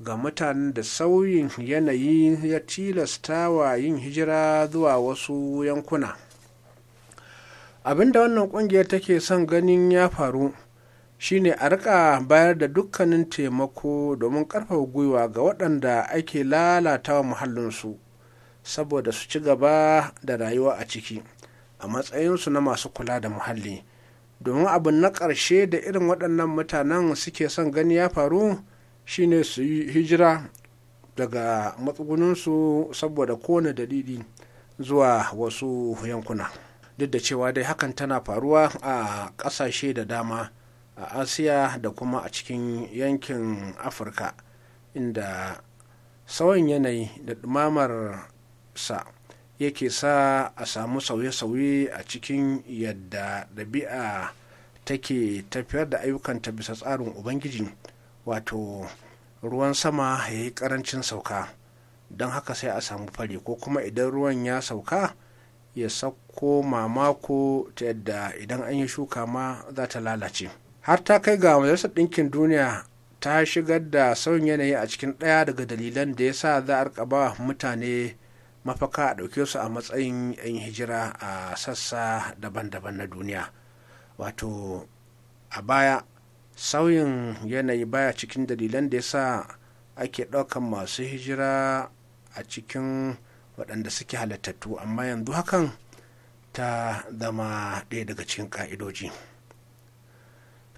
ga mutanen da sauyin yanayi ya tilasta wa yin hijira zuwa wasu yankuna abinda wannan ƙungiyar take son ganin ya faru shine a riƙa bayar da dukkanin taimako domin ƙarfafa gwiwa ga waɗanda ake lalata wa muhallinsu saboda su ci gaba da rayuwa a ciki a matsayinsu na masu kula da muhalli domin abu na ƙarshe da irin waɗannan mutanen suke son gani ya faru shine su yi hijira daga matsuguninsu saboda kowane dalili zuwa wasu yankuna duk da cewa dai hakan tana faruwa a ƙasashe da dama a asiya da kuma a cikin yankin afirka inda sauyin yanayi da ɗumamar sa yake sa a samu sauye-sauye a cikin yadda ɗabi'a take tafiyar da ayyukanta bisa tsarin ubangiji wato ruwan sama ya yi ƙarancin sauka don haka sai a samu fari ko kuma idan ruwan ya sauka ya sauko mamako ta yadda idan an yi shuka ma za ta lalace har ta kai ga majalisar ɗinkin duniya ta shigar da sauyin yanayi a cikin ɗaya daga dalilan da ya sa za a rika ba mutane mafaka a ɗauke su a matsayin 'yan hijira a sassa daban-daban na duniya wato a baya sauyin yanayi baya cikin dalilan da ya sa ake ɗaukan masu hijira a cikin waɗanda suke halittattu amma yanzu hakan ta zama ɗaya daga cikin ƙa'idoji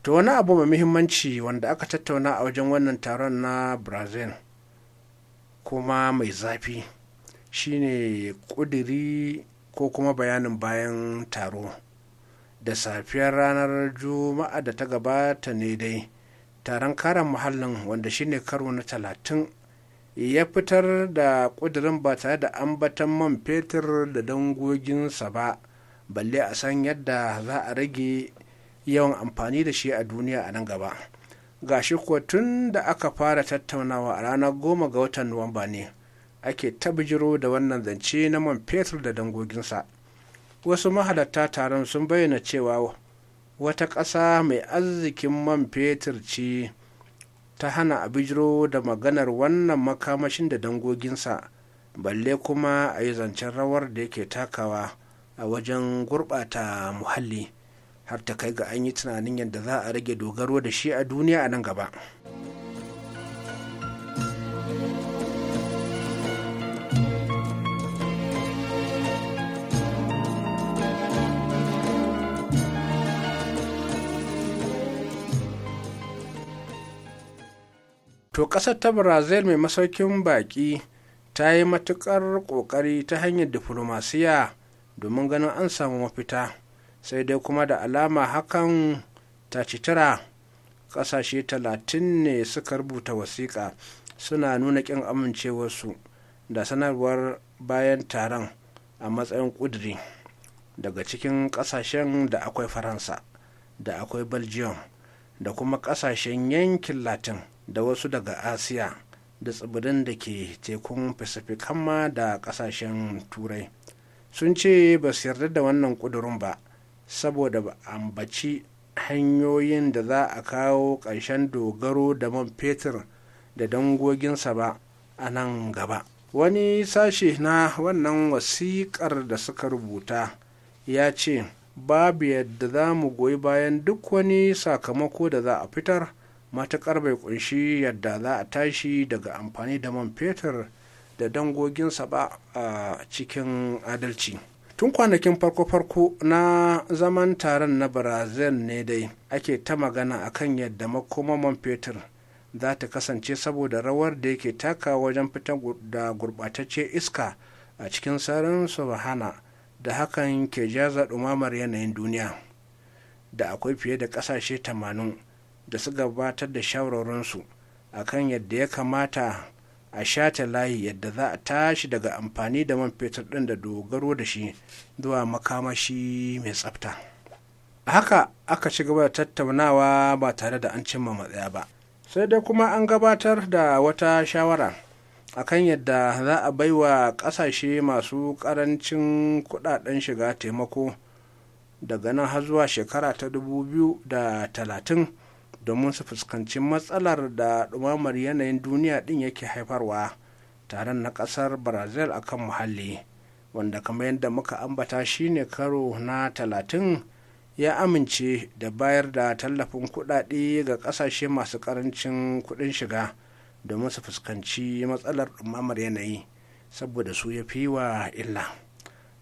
to wani abu mai muhimmanci wanda aka tattauna a wajen wannan taron na brazil kuma mai zafi shine ƙudiri ko kuma bayanin bayan taro da safiyar ranar juma'a da ta gabata ne dai taron kare muhallin wanda shine karo na talatin ya fitar da ƙudirin ba tare da ambatan man fetur da dangoginsa ba balle a san yadda za a rage yawan amfani da shi a duniya a nan gaba gashi kuwa tun da aka fara tattaunawa a ranar goma ga watan nuwamba ne ake ta bijiro da wannan zance na man fetur da dangoginsa wasu mahalarta taron sun bayyana cewa wata ƙasa mai arzikin man fetur ce ta hana a bijiro da maganar wannan makamashin da dangoginsa balle kuma a yi zancen rawar da yake takawa a wajen gurɓata muhalli har ta kai ga an yi tunanin yadda za a rage dogaro da shi a duniya a nan gaba. to ƙasar ta brazil mai masaukin baƙi ta yi matuƙar ƙoƙari ta hanyar diflomasiya domin ganin an samu mafita sai dai kuma da alama hakan ta citira ƙasashe talatin ne suka rubuta wasiƙa suna nuna ƙin amincewarsu da sanarwar bayan taron a matsayin ƙudiri daga cikin ƙasashen da akwai faransa da akwai belgium da kuma ƙasashen yankin latin da wasu daga asiya da tsibirin da ke tekun pacific hamma da kasashen turai sun ce ba su yarda da wannan kudurin ba saboda ba ambaci hanyoyin da za a kawo ƙarshen dogaro da man fetur da dangoginsa ba a nan gaba wani sashe na wannan wasiƙar da suka rubuta ya ce babu yadda za mu goyi bayan duk wani sakamako da za a fitar matuƙar bai kunshi yadda za a tashi daga amfani da man fetur da dangoginsa ba a cikin adalci tun kwanakin farko-farko na zaman taron na brazil ne dai ake ta magana akan yadda makoma man fetur za ta kasance saboda rawar da yake taka wajen fita da gurɓatacce iska a cikin sararin subhana da hakan ke jaza ɗumamar yanayin duniya da akwai fiye da ƙasashe 80 da su gabatar da shawarorinsu a kan yadda ya kamata a shata layi yadda za a tashi daga amfani da man fetur ɗin da dogaro da shi zuwa makamashi mai tsafta haka aka ci gaba da tattaunawa ba tare da an cimma matsaya ba sai dai kuma an gabatar da wata shawara a kan yadda za a bai wa ƙasashe masu ƙarancin kuɗaɗen shiga taimako daga nan har zuwa shekara ta 2030 domin su fuskanci matsalar da ɗumamar yanayin duniya ɗin yake haifarwa taron na ƙasar brazil a kan muhalli wanda kamar yadda muka ambata shine karo na talatin ya amince da bayar da tallafin kuɗaɗe ga ƙasashe masu ƙarancin kuɗin shiga domin su fuskanci matsalar ɗumamar yanayi saboda su ya fi wa illa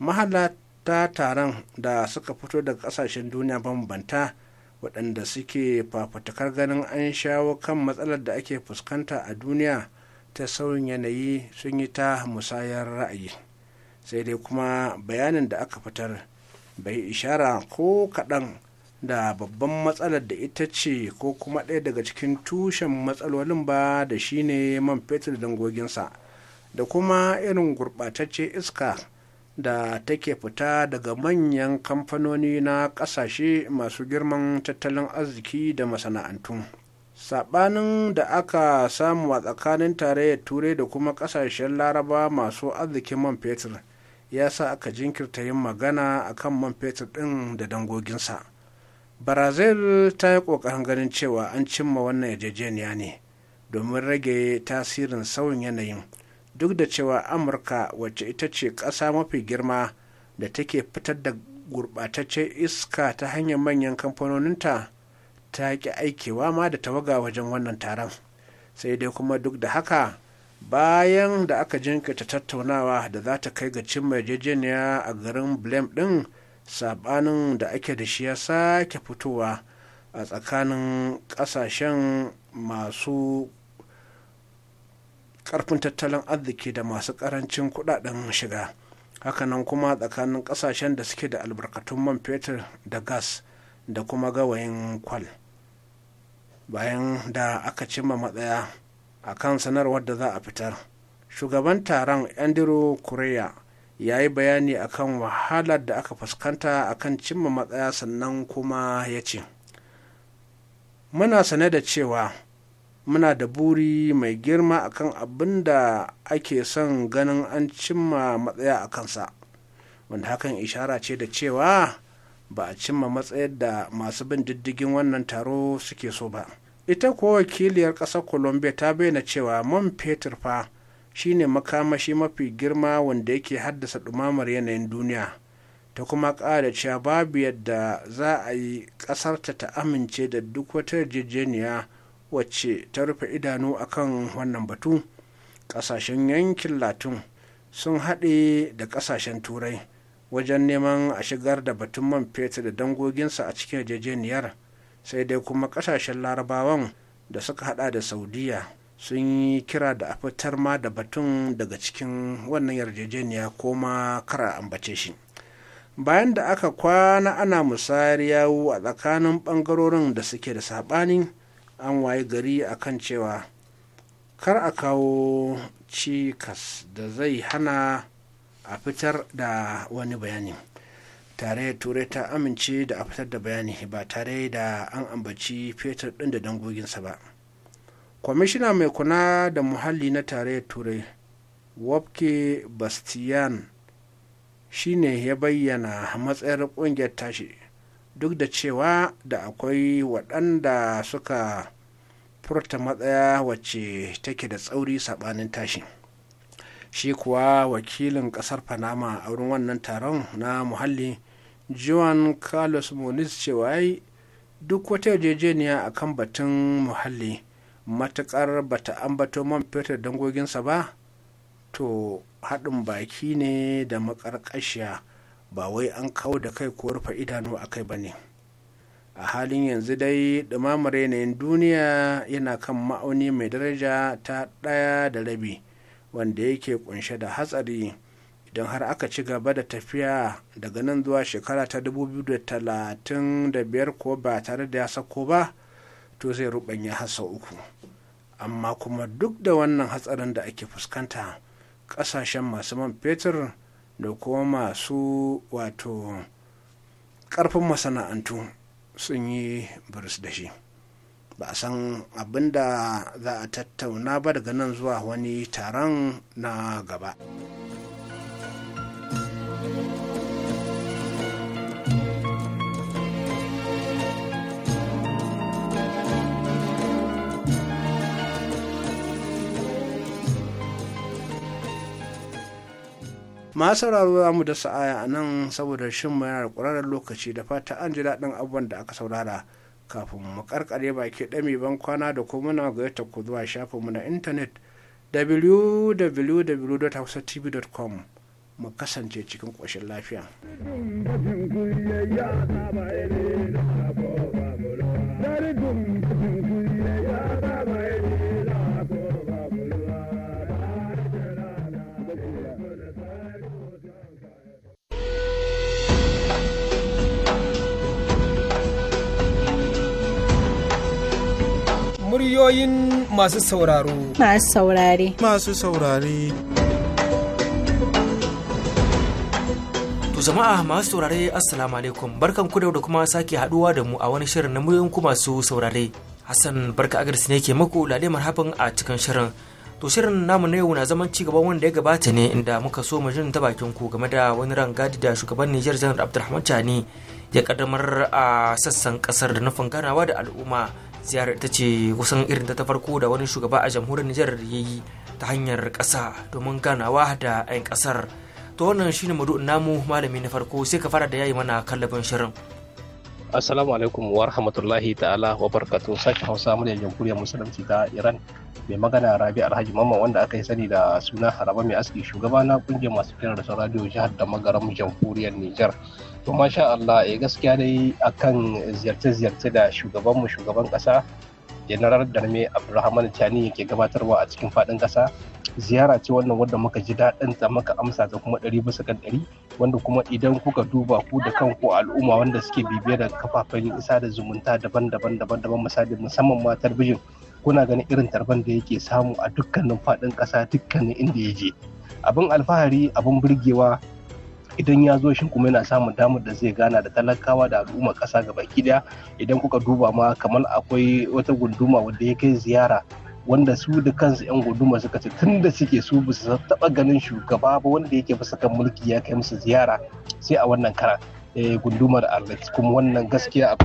mahalata taron da suka fito daga ƙasashen duniya bambanta waɗanda suke fafutukar ganin an shawo kan matsalar da ake fuskanta a duniya ta sauyin yanayi sun yi ta musayar ra'ayi sai dai kuma bayanin da aka fitar bai ishara ko kaɗan da babban matsalar da ita ce ko kuma ɗaya daga cikin tushen matsalolin ba da shine man fetur dangoginsa da kuma irin gurɓatacce iska da take fita daga manyan kamfanoni na ƙasashe masu girman tattalin arziki da masana'antu saɓanin da aka samu a tsakanin tarayyar turai da kuma ƙasashen laraba masu arzikin man fetur ya sa aka jinkirta yin magana a kan man fetur ɗin da dangoginsa brazil ta yi ƙoƙarin ganin cewa an cimma wannan yajejeniya ne domin rage tasirin sauyin yanayin duk da cewa amurka wacce ita ce ƙasa mafi girma da take fitar da gurɓataccen iska ta hanyar manyan kamfanoninta ta ƙi aikewa ma da tawaga wajen wannan taron sai dai kuma duk da haka bayan da aka jinkirta tattaunawa da za ta kai ga cin yarjejeniya a garin blame ɗin sabanin da ake da shi ya sake fitowa a tsakanin ƙasashen masu karfin tattalin arziki da masu karancin kudaden shiga hakanan kuma tsakanin kasashen da suke da albarkatun man fetur da gas da kuma gawayin kwal bayan da aka cimma matsaya a kan sanarwar da za a fitar shugaban taron andrew korea ya yi bayani akan wahalar da aka fuskanta akan cimma matsaya sannan kuma ya ce muna sane da cewa muna da buri mai girma akan abin da ake son ganin an cimma matsaya a kansa wanda hakan ishara ce da cewa ba a cimma matsayar da masu bin diddigin wannan taro suke so ba ita kuwa wakiliyar ƙasar colombia ta bayyana cewa man fetur fa shine makamashi mafi girma wanda yake haddasa ɗumamar yanayin duniya ta kuma ƙara cewa babu yadda za a yi ƙasarta ta amince da duk wata yarjejeniya wacce ta rufe idanu a kan wannan batu ƙasashen yankin latin sun haɗe da ƙasashen turai wajen neman a shigar da batun man fetur da dangoginsa a cikin yarjejeniyar sai dai kuma ƙasashen larabawan da suka haɗa da saudiya sun yi kira da a fitar ma da batun daga cikin wannan yarjejeniya ko ma kara ambace shi bayan da aka kwana ana musayar yawo a tsakanin bangarorin da suke da saɓani an waye gari a kan cewa kar a kawo cikas da zai hana a fitar da wani bayani tare turai ta amince da a fitar da bayani ba tare da an ambaci fetur ɗin da dangoginsa ba kwamishina mai kuna da muhalli na tare turai wapke bastian shine ya bayyana matsayar ƙungiyar tashi duk da cewa da akwai waɗanda suka furta matsaya wacce take da tsauri saɓanin tashi shi kuwa wakilin ƙasar panama a wurin wannan taron na muhalli juan carlos moniz cewa duk wata yarjejeniya a kan batun muhalli matuƙar bata ambato man fetur dangoginsa ba to haɗin baki ne da makarƙashiya ba wai an kawo da kai ko rufe idanu a kai ba ne. a halin yanzu dai ɗumamar yanayin duniya yana kan ma'auni mai daraja ta ɗaya da rabi wanda yake kunshe da hatsari idan har aka ci gaba da tafiya daga nan zuwa shekara ta 2035 ko ba tare da ya sako ba to zai rubanya hasa uku amma kuma duk da wannan hatsarin da ake fuskanta ƙasashen masu man fetur da kuma masu wato ƙarfin masana'antu sun yi biris da shi ba a san abin da za a tattauna ba daga nan zuwa wani taron na gaba. ma sauraro za mu da sa'aya a nan saboda shin mai yana lokaci da fata an ji daɗin abubuwan da aka saurara kafin mu karkare baki ɗami ban kwana da kuma muna gayyata ku zuwa shafin mu na intanet www.hausatv.com mu kasance cikin ƙoshin lafiya. Dari Muryoyin masu sauraro. Masu saurare. Masu saurare. To jama'a masu saurare assalamu alaikum barkan ku da kuma sake haduwa da mu a wani shirin na muryoyin ku masu saurare. Hassan barka agarsi ne ke muku lale marhaban a cikin shirin. To shirin namu na yau na zaman ci gaban wanda ya gabata ne inda muka so mu jin ta bakin ku game da wani ran gadi da shugaban Nijar Janar Abdulrahman Tani ya kaddamar a sassan kasar da nufin ganawa da al'umma ziyarar ita ce kusan irin ta farko da wani shugaba a jamhuriyar nijar ya yi ta hanyar kasa domin ganawa da 'yan kasar to wannan shine madu'in namu malami na farko sai ka fara da yayi mana kallabin shirin Assalamu alaikum wa rahmatullahi ta'ala wa barkatu sake hausa muryar jamhuriyar musulunci ta Iran mai magana Rabi Alhaji Mamman wanda aka yi sani da suna Haraba mai aski shugaba na kungiyar masu kiran da radio jihar da magaram jamhuriyar Nijar. To masha Allah eh gaskiya dai akan ziyarce-ziyarce da shugabanmu shugaban ƙasa general darme abdulrahman chani yake gabatarwa a cikin faɗin kasa ziyara ce wannan wadda muka ji daɗin ta muka amsa ta kuma ɗari bisa kan ɗari wanda kuma idan kuka duba ku da kanku al'umma wanda suke bibiye da kafafen isa da zumunta daban-daban daban-daban misali musamman ma tarbijin kuna ganin irin tarban da yake samu a dukkanin faɗin kasa dukkanin inda ya je abin alfahari abin burgewa idan ya zo shi kuma yana samun damar da zai gana da talakawa da al'ummar kasa gabaki daya idan kuka duba ma kamar akwai wata gunduma wanda ya kai ziyara wanda su da kansu 'yan gunduma suka ce tun da suke su ba su taba ganin shugaba ba wanda yake bisa sakan mulki ya kai musu ziyara sai a wannan kara eh, gundumar alex kuma wannan gaskiya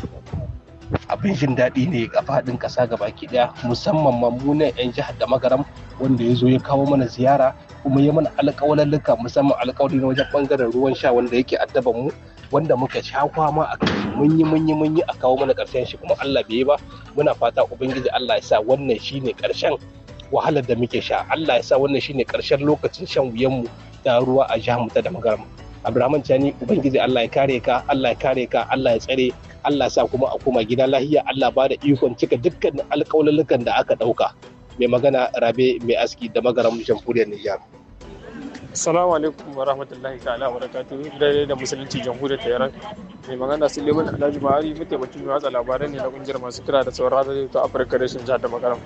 abin jin daɗi ne a faɗin ƙasa gaba ɗaya musamman ma mu 'yan jihar da magaram wanda ya zo ya kawo mana ziyara kuma ya mana alƙawalalluka musamman alƙawari na wajen ɓangaren ruwan sha wanda yake addaban mu wanda muka sha kwama a kan mun yi mun yi mun yi a kawo mana ƙarshen shi kuma Allah bai yi ba muna fata ubangiji Allah ya sa wannan shine ƙarshen wahalar da muke sha Allah ya sa wannan shine ƙarshen lokacin shan wuyan mu da ruwa a jihar mu ta da magaram Abdulrahman Chani ubangiji Allah ya kare ka Allah ya kare ka Allah ya tsare Allah ya sa kuma a koma gida lahiya Allah ba da ikon cika dukkan alƙawalallukan da aka ɗauka mai magana rabe mai aski da magaram jamhuriyar nijar Salamu alaikum wa rahmatullahi ta'ala wa barakatuhu daidai da musulunci jamhuriyar Tehran. Mai magana Suleiman Alhaji Buhari mataimakin watsa labarai ne na kungiyar masu kira da sauran radio ta Afirka Reshen Jihar da magaram.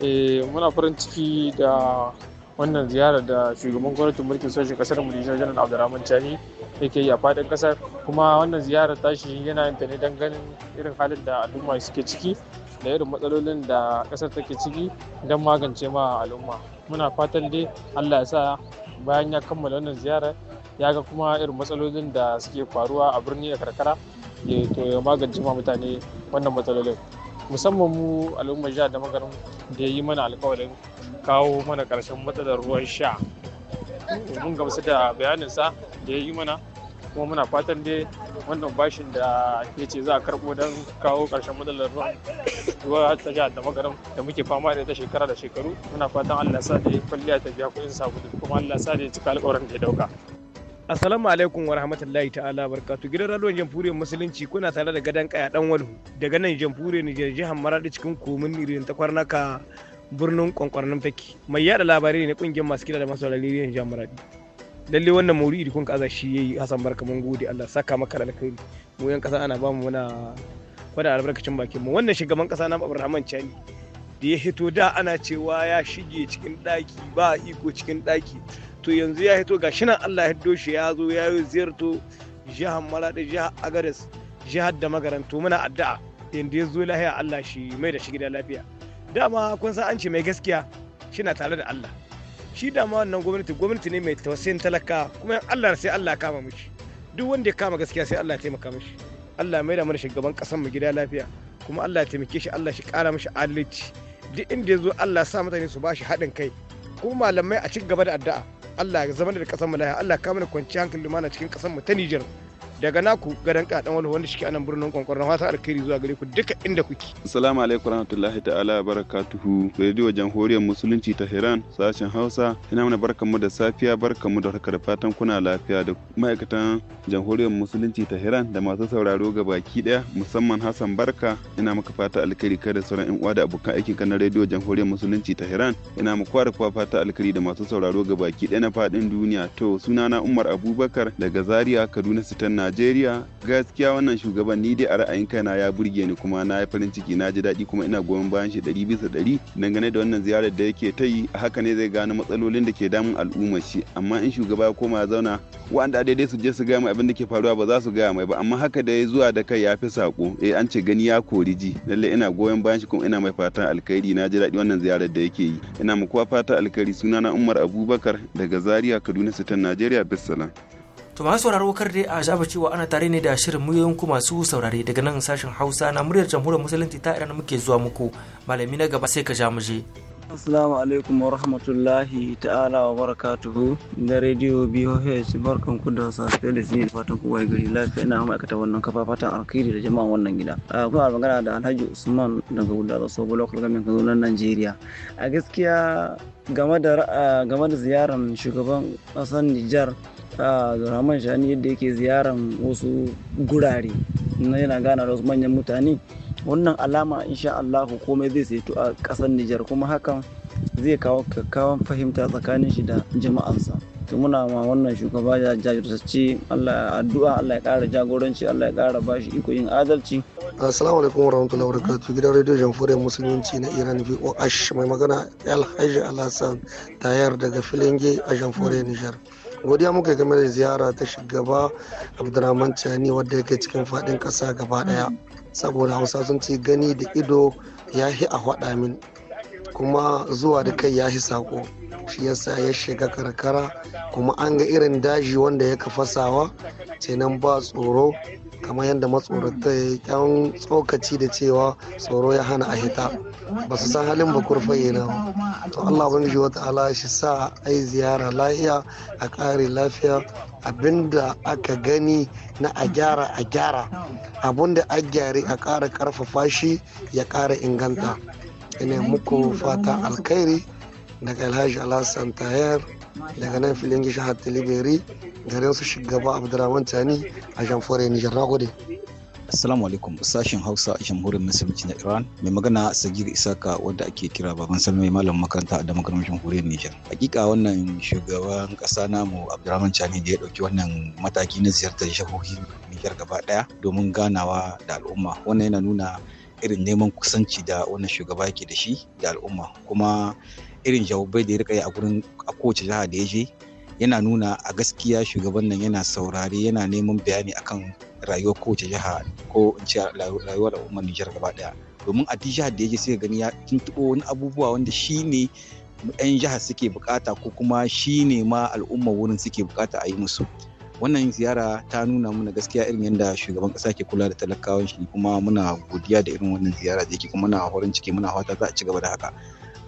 Eh, muna farin ciki da wannan ziyara da shugaban gwamnatin mulkin sojin kasar mu Nijar Janar Abdurrahman Chani yake yi a fadin kasar kuma wannan ziyarar tashi yana yin ta ne don ganin irin halin da al'umma suke ciki da irin matsalolin da kasar take ciki don magance ma al'umma muna fatan dai allah ya sa bayan ya kammala wannan ziyarar ya ga kuma irin matsalolin da suke faruwa a birni a karkara ya to ya magance ma mutane wannan matsalolin musamman mu al'ummar jihar da magarin da ya yi mana alkawarin kawo mana karshen matsalar ruwan sha mun gamsu da bayaninsa da ya yi mana kuma muna fatan dai wannan bashin da ya ce za a karɓo don kawo ƙarshen matsalar ruwa ta jihar da magaram da muke fama da ita shekara da shekaru muna fatan allah sa da ya kwalliya ta biya kuɗin sabulu kuma allah sa da ya cika alƙawarin da ya ɗauka. Assalamu alaikum wa rahmatullahi ta'ala barkatu gidan radon jamhuriyar musulunci kuna tare da gadan kaya dan walhu daga nan jamhuriyar Nijar jihar Maradi cikin komin Nirin ta kwarnaka birnin kwankwarnin faki mai yada labarai ne kungiyar masu kira da masu rarriyar jihar Maradi. lalle wannan maulidi kun kaza shi yayi hasan barka mun gode Allah saka maka alkhairi mu yan kasa ana bamu muna kwada albarkacin bakin mu wannan shugaban kasa na Abraham Chani da ya hito da ana cewa ya shige cikin daki ba iko cikin daki to yanzu ya hito ga nan Allah ya hiddo shi ya zo ya yi ziyarto jihar Maladi jihar Agares jihar da magaranto muna addu'a yanda ya zo lahiya Allah shi mai da shi gida lafiya dama kun san an ce mai gaskiya shi na tare da Allah shi dama wannan gwamnati gwamnati ne mai tausayin talaka kuma Allah sai Allah ya kama mishi duk wanda ya kama gaskiya sai Allah ya taimaka mishi Allah mai da mana shugaban kasan mu gida lafiya kuma Allah ya taimake shi Allah shi kara mishi adalci duk inda ya zo Allah ya sa mutane su bashi haɗin kai kuma malamai a ci gaba da addu'a Allah ya zama da kasan mu lafiya Allah ya kama da kwanciyar hankali lumana cikin kasan mu ta Niger daga naku gadan kaɗan wani wanda shi anan birnin na fasa alkhairi zuwa gare ku duka inda kuke. Assalamu alaikum warahmatullahi ta'ala barakatuhu radio jamhuriyar musulunci ta Iran sashen Hausa ina mana mu da safiya mu da da fatan kuna lafiya da ma'aikatan jamhuriyar musulunci ta Iran da masu sauraro ga baki daya musamman Hassan Barka ina maka fata alkhairi kai da sauran yan uwa da abokan aikin kan radio jamhuriyar musulunci ta Iran ina muku da kuwa fata alkhairi da masu sauraro ga baki daya na fadin duniya to sunana Umar Abubakar daga Zaria Kaduna Sitan Najeriya gaskiya wannan shugaban ni dai a ra'ayin kaina ya burge ni kuma na yi farin ciki na ji daɗi kuma ina goyon bayan shi ɗari bisa ɗari dangane da wannan ziyarar da yake ta yi haka ne zai gano matsalolin da ke damun al'ummar shi amma in shugaba ya koma ya zauna wanda daidai su je su gaya mai abin da ke faruwa ba za su gaya mai ba amma haka da ya zuwa da kai ya fi saƙo eh an ce gani ya kori ji lallai ina goyon bayan shi kuma ina mai fatan alkhairi na ji daɗi wannan ziyarar da yake yi ina mu kuwa fatan alkhairi sunana Umar Abubakar daga Zaria Kaduna Sitan Najeriya Bissalam. To masu sauraro kar dai a shafa cewa ana tare ne da shirin muyoyin ku masu saurare daga nan sashen Hausa na muryar jamhuriyar musulunci ta Iran muke zuwa muku malami na gaba sai ka ja mu je. Assalamu alaikum wa rahmatullahi ta'ala wa barakatuhu da rediyo BOH barkan ku da safe da sinin fatan kowa gari lafiya ina ma'aikata wannan kafa fatan alkhairi da jama'a wannan gida. A kuma magana da Alhaji Usman daga Wudar Sobo Local Government Kaduna Najeriya. A gaskiya game da game ziyarar shugaban ƙasar Nijar Abdulrahman Shani yadda yake ziyarar wasu gurare na yana gana da wasu manyan mutane wannan alama insha Allah komai zai saito a ƙasar Nijar kuma hakan zai kawo kakkawan fahimta tsakanin shi da jama'ansa. to muna ma wannan shugaba ya jajirtacce Allah addu'a Allah ya ƙara jagoranci Allah ya ƙara bashi iko yin adalci Assalamu alaikum warahmatullahi wabarakatuh gidan radio Jamhuriyar Musulunci na Iran VOH mai magana Alhaji Alhassan tayar daga Filinge a Jamhuriyar Nijar godiya muka game da ziyara ta shugaba abdurrahman chani wadda yake cikin fadin kasa gaba daya saboda hausa sun ce gani da ido ya hi a hada min kuma zuwa da kai ya shi sako shi yasa ya shiga karkara kuma an ga irin daji wanda ya kafasawa nan ba tsoro kamar yadda matsorata ya kyan tsokaci da cewa tsoro ya hana a hita ba su san halin bakur fayyana ba to allah ubangiji wata ala shi sa a yi ziyara lafiya a kare lafiya abinda aka gani na a gyara a gyara abinda a gyare a ƙara ƙarfafa shi ya ƙara inganta ina muku fatan alkhairi daga alhaji alhassan tayar daga nan filin gishin hatta liberi garin su shugaba abdurrahman tani a jamfore nijar nagode Assalamu alaikum sashen Hausa a jamhuriyar Musulunci na Iran mai magana Sagir Isaka wanda ake kira baban Salmai malam makaranta da makarantar jamhuriyar Nijar. Hakika wannan shugaban kasa namu Abdulrahman Chani da ya dauki wannan mataki na ziyartar shahohin Nijar gaba daya domin ganawa da al'umma. Wannan yana nuna irin neman kusanci da wannan shugaba yake da shi da al'umma kuma irin jawabai da ya rika yi a gurin a kowace jiha da ya je yana nuna a gaskiya shugaban nan yana saurari yana neman bayani akan rayuwar kowace jiha ko in ce rayuwar al'ummar Nijar gaba daya domin a duk jihar da ya je sai gani ya tuntuɓo wani abubuwa wanda shi ne 'yan jihar suke bukata ko kuma shi ne ma al'umma wurin suke bukata a yi musu wannan ziyara ta nuna mana gaskiya irin yadda shugaban kasa ke kula da talakawan shi kuma muna godiya da irin wannan ziyara da yake kuma muna horon ciki muna fata za a ci gaba da haka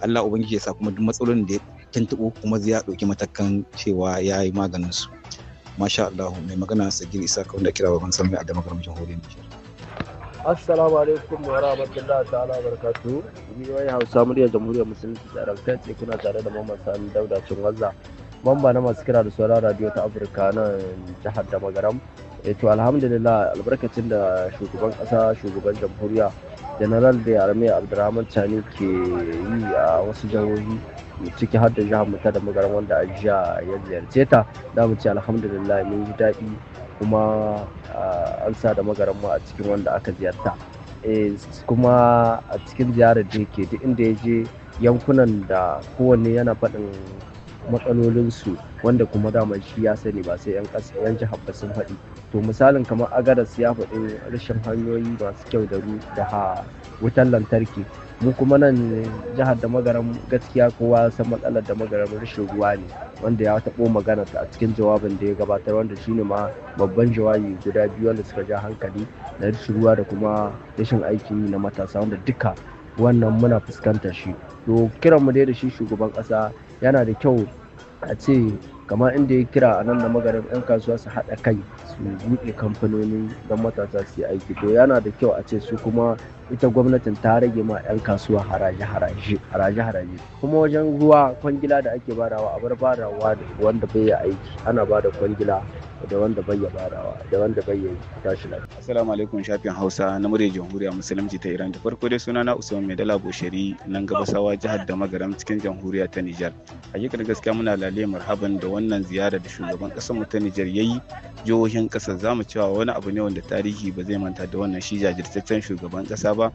Allah ubangiji ya sa kuma duk matsalolin da ya tuntuɓo kuma zai dauki matakan cewa ya yi maganin su masha Allah mai magana sagir isa kawai da kira baban sami a da magarmajin hori Nijar. Assalamu alaikum wa rahmatullahi ta'ala wa Ni wai Hausa muryar Jamhuriyar Musulunci da tsekuna kuna tare da Mamman sami Dauda wazza mamba na masu kira da sauran radio ta afirka nan jihar da magaram eh, to alhamdulillah albarkacin da shugaban kasa shugaban jamhuriya general da yarame abdurrahman tani ke yi a wasu jihohi ciki har da jihar mutar da magaran wanda a ya ziyarce ta da mu ce alhamdulillah mun ji daɗi kuma an sa da magaran mu a cikin wanda aka ziyarta eh, kuma a cikin ziyarar da yake duk inda ya je yankunan da kowanne yana faɗin matsalolinsu wanda kuma dama shi ya sani ba sai 'yan jihar ba sun faɗi to misalin kamar agadas ya faɗi rashin hanyoyi masu kyau da ru da wutar lantarki mu kuma nan jihar da magaram gaskiya kowa san matsalar da magaram rashin ruwa ne wanda ya taɓo magana a cikin jawabin da ya gabatar wanda shine ma babban jawabi guda biyu wanda suka ja hankali na rashin ruwa da kuma rashin aiki na matasa wanda duka wannan muna fuskantar shi to kiran mu dai da shi shugaban ƙasa yana da kyau a ce kama inda ya kira a nan da magarin 'yan kasuwa su haɗa kai su buɗe kamfanoni don matasa su yi aiki to yana da kyau a ce su kuma ita gwamnatin ta rage ma 'yan kasuwa haraje-haraje kuma wajen ruwa kwangila da ake badawa a bar badawa wanda bai yi aiki ana bada kwangila da wanda bai ya da wanda bai ya tashi lafiya. Assalamu alaikum shafin Hausa na muryar Jamhuriyar Musulunci ta Iran da farko dai sunana Usman Maidala Bushari nan gabasawa jihar da magaram cikin Jamhuriya ta Nijar. Hakikar gaskiya muna lalle marhaban da wannan ziyara da shugaban kasar mu ta Nijar yayi jihohin kasar zamu cewa wani abu ne wanda tarihi ba zai manta da wannan shi jajirtaccen shugaban kasa ba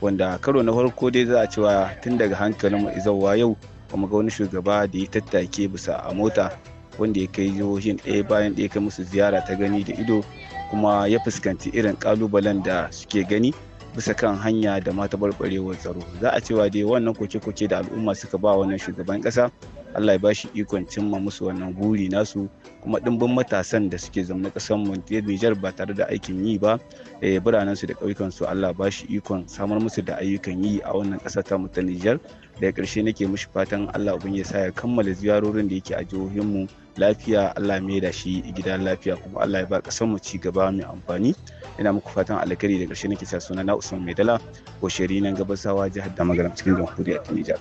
wanda karo na farko dai za a cewa tun daga hankalin mu izawa yau kuma ga wani shugaba da ya tattake bisa a mota wanda ya kai jihohin ɗaya bayan ɗaya kai musu ziyara ta gani da ido kuma ya fuskanci irin ƙalubalen da suke gani bisa kan hanya da mata barbarewar tsaro za a cewa dai wannan koke-koke da al'umma suka ba wannan shugaban ƙasa Allah ya bashi ikon cimma musu wannan buri nasu kuma dimbin matasan da suke zama kasan mu Nijar ba tare da aikin yi ba eh, biranen su da ƙauyukan su Allah ya bashi ikon samar musu da ayyukan yi a wannan ƙasa ta mu ta Nijar Da ƙarshe nake mishi fatan Allah ubin ya sa ya kammala ziyarorin da yake a jihohin mu lafiya Allah mai da shi gida lafiya kuma Allah ya ba ƙasar mu ci gaba mai amfani ina muku fatan alkhairi da ƙarshe nake sa suna na Usman Maidala ko shiri nan gabasawa jihar Damagaram cikin jamhuriyar Nijar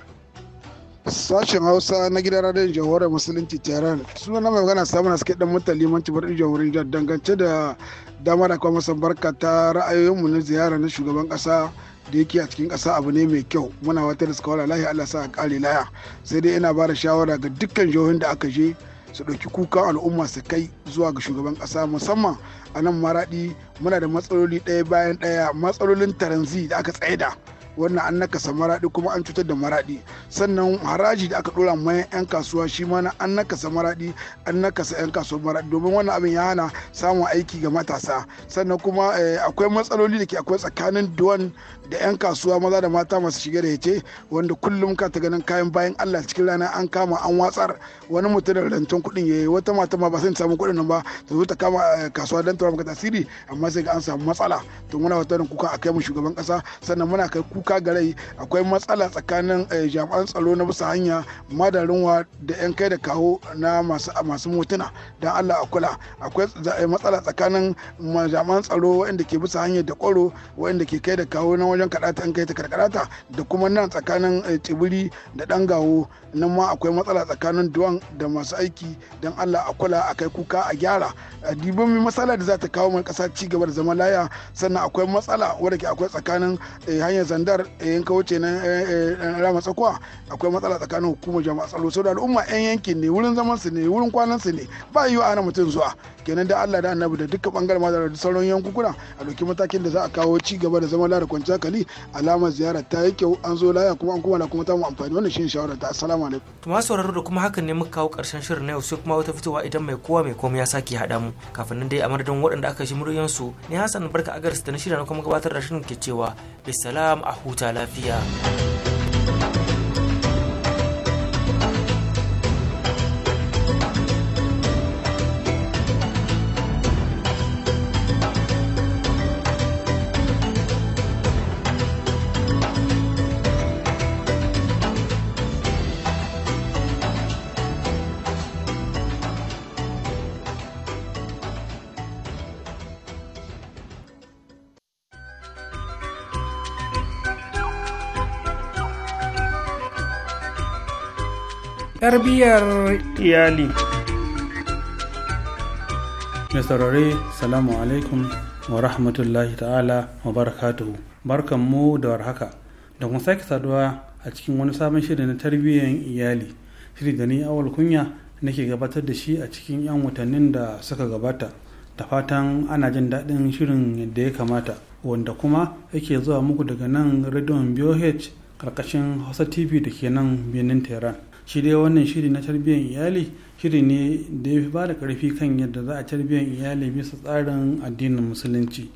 Sashen Hausa na gidan radiyon jamhuriyar Musulunci Tehran. Suna na mai magana samun haske dan mutan limanci bar jamhuriyar jihar dangance da dama da kuma masan barka ta ra'ayoyinmu na ziyara na shugaban kasa da yake a cikin kasa abu ne mai kyau muna wata da suka wala Allah sa a kare laya sai dai ina bada shawara ga dukkan jihohin da aka je su ɗauki kukan al'umma su kai zuwa ga shugaban kasa musamman a nan maraɗi muna da matsaloli ɗaya bayan ɗaya matsalolin taranzi da aka tsaida wannan an nakasa maraɗi kuma an cutar da maraɗi sannan haraji da aka dora ma 'yan kasuwa shi ma na an nakasa maraɗi an nakasa 'yan kasuwar maraɗi domin wannan abin ya hana samun aiki ga matasa sannan kuma eh, akwai matsaloli da ke akwai tsakanin duwan da 'yan kasuwa maza da mata masu shige da hice wanda kullum ka ta ganin kayan bayan Allah cikin rana an kama an watsar wani mutum da rantun kuɗin ya yi wata mata ma ba sai samu kuɗin nan ba ta zo ta kama eh, kasuwa don tura maka tasiri amma sai ga an samu matsala to muna wata kuka a kai mu shugaban kasa sannan muna kai kuka ga rai akwai matsala tsakanin eh, jami'an tsaro na bisa hanya madarinwa da 'yan kai da kawo na masu masu motuna don Allah a kula akwai eh, matsala tsakanin jami'an tsaro waɗanda ke bisa hanya da kwaro waɗanda ke kai da kawo na wajen kaɗata an kai ta karkarata da kuma nan tsakanin eh, tsibiri da ɗan gawo nan ma akwai matsala tsakanin duwan da masu aiki don allah a kula a kai kuka a gyara dibin mai matsala da za ta kawo mai ƙasa ci gaba da zama laya sannan akwai matsala wadda ke akwai tsakanin eh, hanyar zandar yan eh, wuce na rama tsakuwa akwai matsala tsakanin hukumar jama'a tsaro sau da al'umma yan yankin ne wurin zaman su ne wurin kwanan su ne ba yi ana mutum zuwa kenan da allah da annabi da dukkan bangaren ma da sauran yankuna a ɗauki matakin da za a kawo ci gaba da zama laya da kwanciyar hankali alamar ziyara ta yi kyau an zo laya kuma an kuma kuma ta mu amfani wannan shi shawara ta assalamu alaikum to sauraro da kuma hakan ne muka kawo karshen shirin na yau sai kuma wata fitowa idan mai kowa mai komai ya sake haɗa mu kafin nan dai a madadin waɗanda aka shi muryoyin su ne Hassan barka a garis da na shirya na kuma gabatar da shirin ke cewa bisalam a huta lafiya tarbiyyar iyali mai saurare salamu alaikum wa rahmatullahi ta'ala wa barakatuhu barkan mu da warhaka da kuma sake saduwa a cikin wani sabon shirin na tarbiyyar iyali shiri da ni awal kunya nake gabatar da shi a cikin 'yan watannin da suka gabata da fatan ana jin daɗin shirin yadda ya kamata wanda kuma yake zuwa muku daga nan rediyon BOH karkashin Hausa TV da ke nan birnin Tehran. shi dai wannan shiri na tarbiyyar iyali shiri ne da ya fi ba da karfi kan yadda za a tarbiyyar iyali bisa tsarin addinin musulunci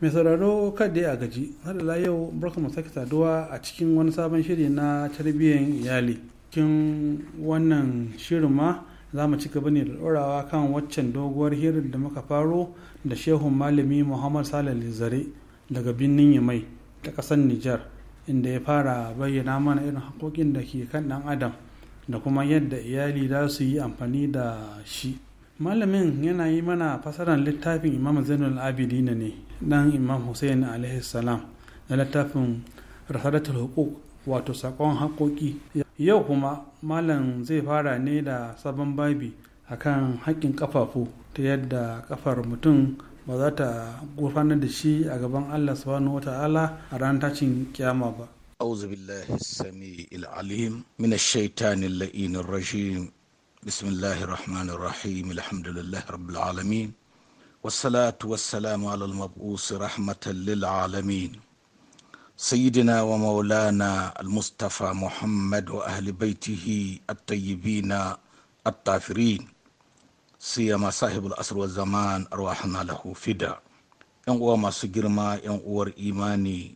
mai sauraro kada a gaji har yau barkamu sake saduwa a cikin wani sabon shiri na tarbiyyar iyali cikin wannan shirin ma za mu ci gaba ne da ɗorawa kan waccan doguwar hirar da muka faro da shehun malami muhammad salih zare daga birnin yamai ta ƙasar nijar inda ya fara bayyana mana irin haƙoƙin da ke kan ɗan adam da kuma yadda iyali za su yi amfani da shi malamin yana yi mana fasarar littafin imam zainul abidina ne dan imam hussein alaihi salam na littafin rasadatul hukuk wato sakon haƙoƙi yau kuma malam zai fara ne da sabon babi a kan haƙƙin kafafu ta yadda kafar mutum ba za ta gurfanar da shi a gaban Allah subhanahu wa ta'ala a ranar tacin kyama ba. A'udhu billahi sami alim min shaitanin la'inin rajim bismillahir rahmanir rahim alhamdulillah rabbil alamin wassalatu wassalamu ala al-mab'us rahmatan lil alamin سيدنا ومولانا المصطفى محمد وأهل بيته الطيبين الطاهرين سيما صاحب الأسر والزمان أرواحنا له فدا ‘yan uwa masu girma ‘yan uwar imani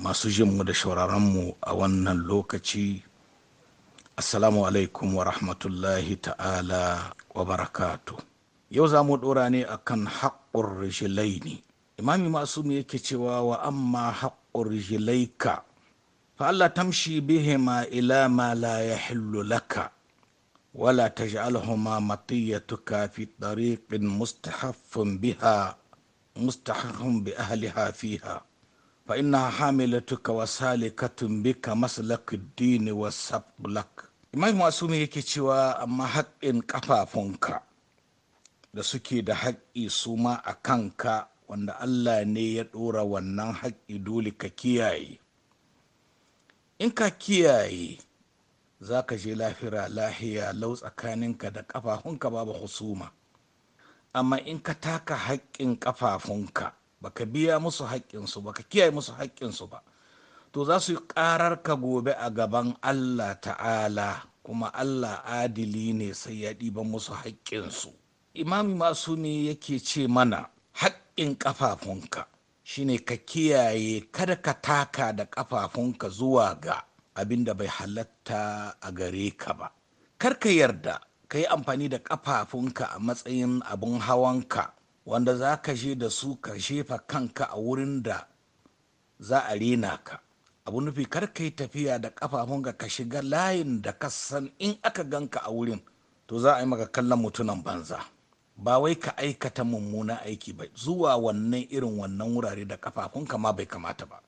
masu jin mu da mu a wannan lokaci assalamu alaikum wa rahmatullahi ta'ala wa barakatu yau za mu ɗora ne a akan haƙƙun rijilaini imami masu yake cewa wa amma haƙƙun urjilaika fa tamshi bihima ila ma la yahillu laka wala taj'alhuma matiyatuka fi tariqin mustahaffun biha mustahaffun bi ahliha fiha bika maslak ad-din wa sabbulak imam masumi yake da suke da haƙƙi su a kanka wanda Allah ne ya ɗora wannan haƙƙi dole ka kiyaye in ka kiyaye za ka je lafira lahiya lau tsakaninka da ƙafafunka babu husuma amma in ka taka haƙƙin ƙafafunka ba ka biya musu haƙƙinsu ba ka kiyaye musu haƙƙinsu ba to za su yi ƙarar ka gobe a gaban Allah ta'ala kuma Allah adili ne sai ya ɗiban musu haƙƙinsu imami masu ne yake ce mana haƙƙi haƙƙin ƙafafunka shine ka kiyaye kada ka taka da ƙafafunka zuwa ga abin da bai halatta a gare ka ba kar ka yarda ka yi amfani da ƙafafunka a matsayin abin hawanka wanda za ka je da su ka shefa kanka a wurin da za a rena ka abu nufi kar ka yi tafiya da ƙafafunka ka shiga layin da ka san in aka ganka a wurin to za a yi maka kallon mutunan banza. ba wai ka aikata mummuna aiki ba zuwa wannan irin wannan wurare da kafafunka ma bai kamata ba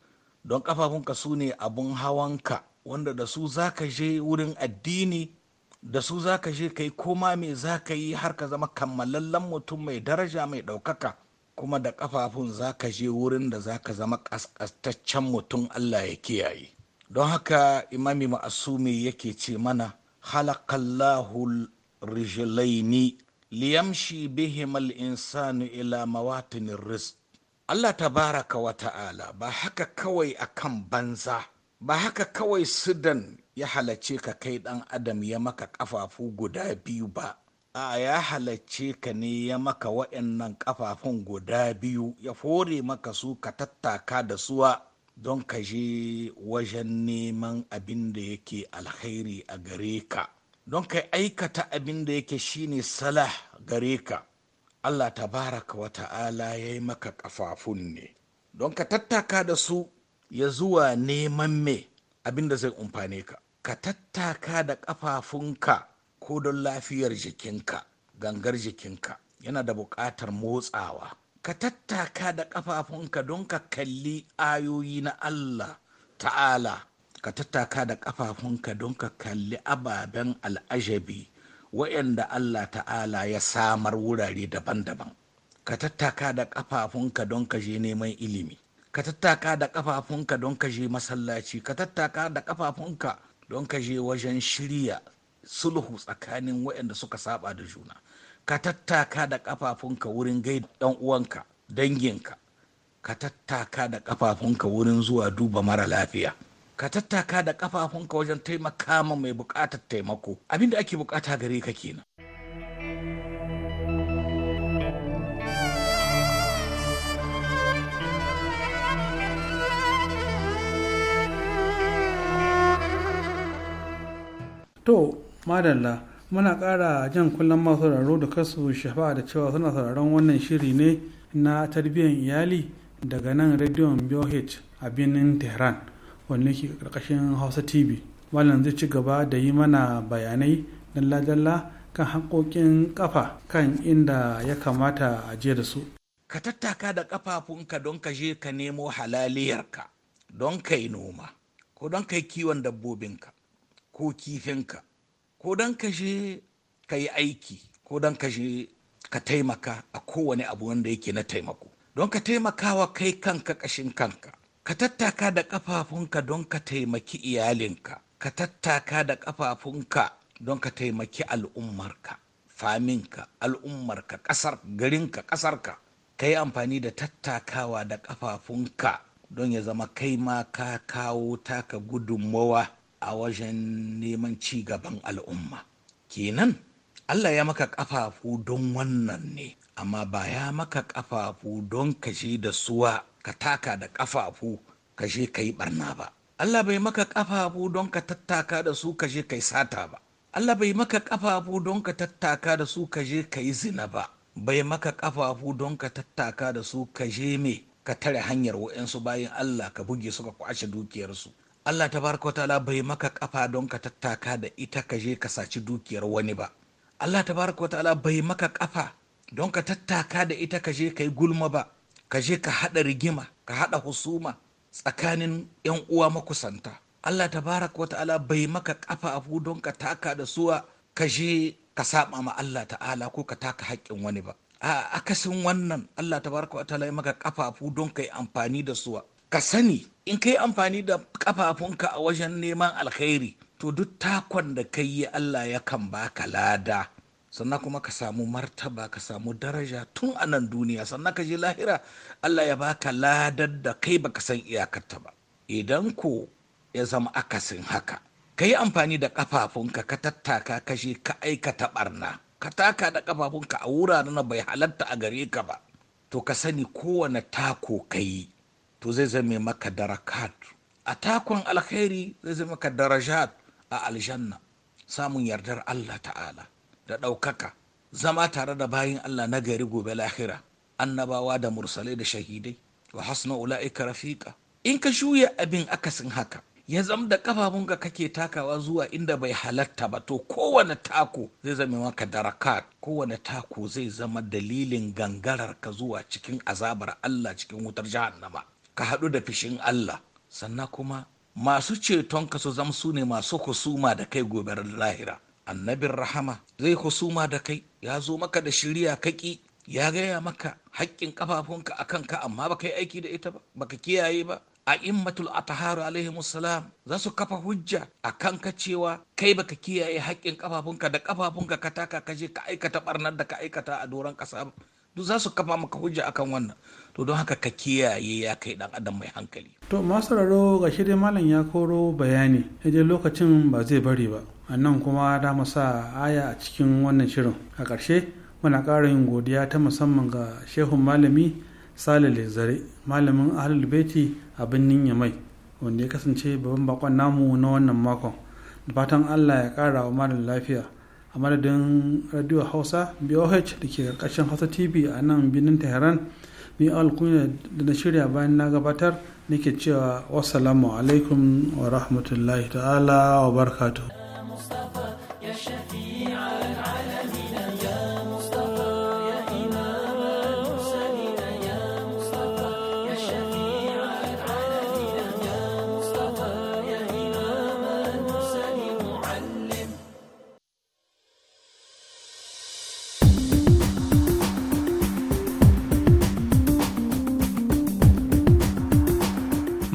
don kafafunka su ne abun ka wanda da su za ka je wurin addini da su za ka je ka yi koma mai za ka yi har ka zama kammalallen mutum mai daraja mai ɗaukaka kuma da kafafun za ka je wurin da za ka zama ƙasƙastaccen mutum allah ya kiyaye don haka imami ma'asumi yake ce mana halakallahu rijilaini liyamshi bihim in insanu ila mawatinin rizq Allah Ta baraka wa ta'ala ba haka kawai akan banza ba haka kawai sidan ya halarce ka kai ɗan adam ya maka ƙafafu guda biyu ba a ya halarce ka ne ya maka waɗannan ƙafafun guda biyu ya fore maka su ka tattaka da suwa don ka je wajen neman abin da yake alkhairi a gare ka don ka aikata abin da yake shine salah gare ka allah tabaraka wa ta'ala ya yi maka kafafun ne don ka tattaka da su ya zuwa neman me abin da zai umfane ka ka tattaka da kafafunka ko don lafiyar jikinka gangar jikinka yana da buƙatar motsawa ka tattaka da kafafunka don ka kalli ayoyi na allah ta'ala ka tattaka da ƙafafunka don ka kalli ababen al'ajabi wa'yanda Allah ta'ala ya samar wurare daban-daban ka tattaka da ƙafafunka don ka je neman ilimi ka tattaka da ƙafafunka don ka je masallaci ka tattaka da ƙafafunka don ka je wajen shirya sulhu tsakanin waɗanda suka saba da juna ka tattaka da ƙafafunka wurin gai ɗan uwanka danginka ka tattaka da kafafunka wurin zuwa duba mara lafiya ka tattaka da kafafunka wajen taimaka ma mai bukatar taimako abinda ake bukata gare ka kenan to madalla muna ƙara jan kullum masu sauraro da kasu shafa da cewa suna sauraron wannan shiri ne na tarbiyyar iyali daga nan rediyon BOH a birnin tehran wanda ke karkashin hausa tv malam zai ci gaba da yi mana bayanai dalla-dalla kan hankokin kafa kan inda ya kamata a je da su ka tattaka da kafafunka don ka je ka nemo halaliyarka don ka yi noma ko don ka yi kiwon dabbobinka ko kifinka ko don ka je ka yi aiki ko don ka je ka taimaka a kowane abu wanda yake na taimako don ka taimaka wa kai kanka kashin kanka ka tattaka da ƙafafunka don ka taimaki iyalinka ka tattaka da ƙafafunka don ka taimaki al'ummarka faminka al'ummarka ƙasar garinka ƙasarka ka yi amfani da tattakawa da ƙafafunka don ya zama kai ma ka kawo taka gudunmawa a wajen neman ci gaban al'umma kenan allah ya maka ƙafafu don wannan ne amma ba ya maka ƙafafu don ka da suwa ka taka da ƙafafu ka je ka yi barna ba Allah bai maka ƙafafu don ka tattaka da su ka je ka yi sata ba Allah bai maka ƙafafu don ka tattaka da su ka je ka yi zina ba bai maka ƙafafu don ka tattaka da su ka je me ka tare hanyar wa'insu bayan Allah ka buge su ka kwashe dukiyarsu Allah ta baraka ta'ala bai maka ƙafa don ka tattaka da ita ka je ka saci dukiyar wani ba Allah ta baraka ta'ala bai maka ƙafa don ka tattaka da ita ka je ka yi gulma ba ka je ka haɗa rigima ka haɗa husuma tsakanin 'yan uwa makusanta Allah tabaraka wata'ala bai maka kafa abu don ka taka da suwa ka je ka saba ma Allah ta'ala ko ka taka haƙƙin wani ba a akasin wannan Allah tabaraka wata'ala ya maka kafafu don ka yi amfani da suwa ka sani in ka yi amfani da kafafunka a wajen neman alkhairi to duk takon da ka yi Allah ya yakan baka lada sannan kuma ka samu martaba ka samu daraja tun a nan duniya sannan ka je lahira allah ya baka ladar da kai baka san iyakarta ba idan ko ya zama akasin haka ka yi amfani da kafafunka ka tattaka ka je ka aikata barna ka taka da kafafunka a wuraren na bai halatta a gare ka ba to ka sani kowane tako ka yi to zai zame maka darakat a takon alkhairi zai zame maka darajat a aljanna samun yardar allah ta'ala da ɗaukaka zama tare da bayin Allah na gari gobe lahira annabawa da mursalai da shahidai wa hasna ula'ika rafiqa in ka shuya abin akasin haka ya zama da ƙafafunka kake takawa zuwa inda bai halatta ba to kowane tako zai zama maka darakat kowane tako zai zama dalilin gangarar ka zuwa cikin azabar Allah cikin wutar jahannama ka haɗu da fishin Allah sannan kuma masu ceton ka su zama su ne masu husuma da kai gobe lahira annabin rahama zai husuma da kai ya zo maka da shirya kaki ya gaya maka haƙƙin ƙafafunka a kanka amma baka yi aiki da ita ba ka kiyaye ba a immatul ataharu alaihi salam za su kafa hujja a kanka cewa kai baka kiyaye haƙƙin ƙafafunka da ƙafafunka ka taka ka je ka aikata barnar da ka aikata a doron ƙasa ba za su kafa maka hujja akan wannan to don haka ka kiyaye ya kai dan adam mai hankali to masararo ga shirin malam ya koro bayani je lokacin ba zai bari ba a nan kuma da sa aya a cikin wannan shirin a ƙarshe muna ƙara yin godiya ta musamman ga shehun malami salil zare malamin ahlul beti a birnin yamai wanda ya kasance babban bakon namu na wannan makon da fatan allah ya ƙara wa malam lafiya a madadin radio hausa boh da ke ƙarƙashin hausa tv a nan birnin tehran ni alkuna da na shirya bayan na gabatar nake cewa wasu alaikum wa rahmatullahi ta'ala wa barkatu.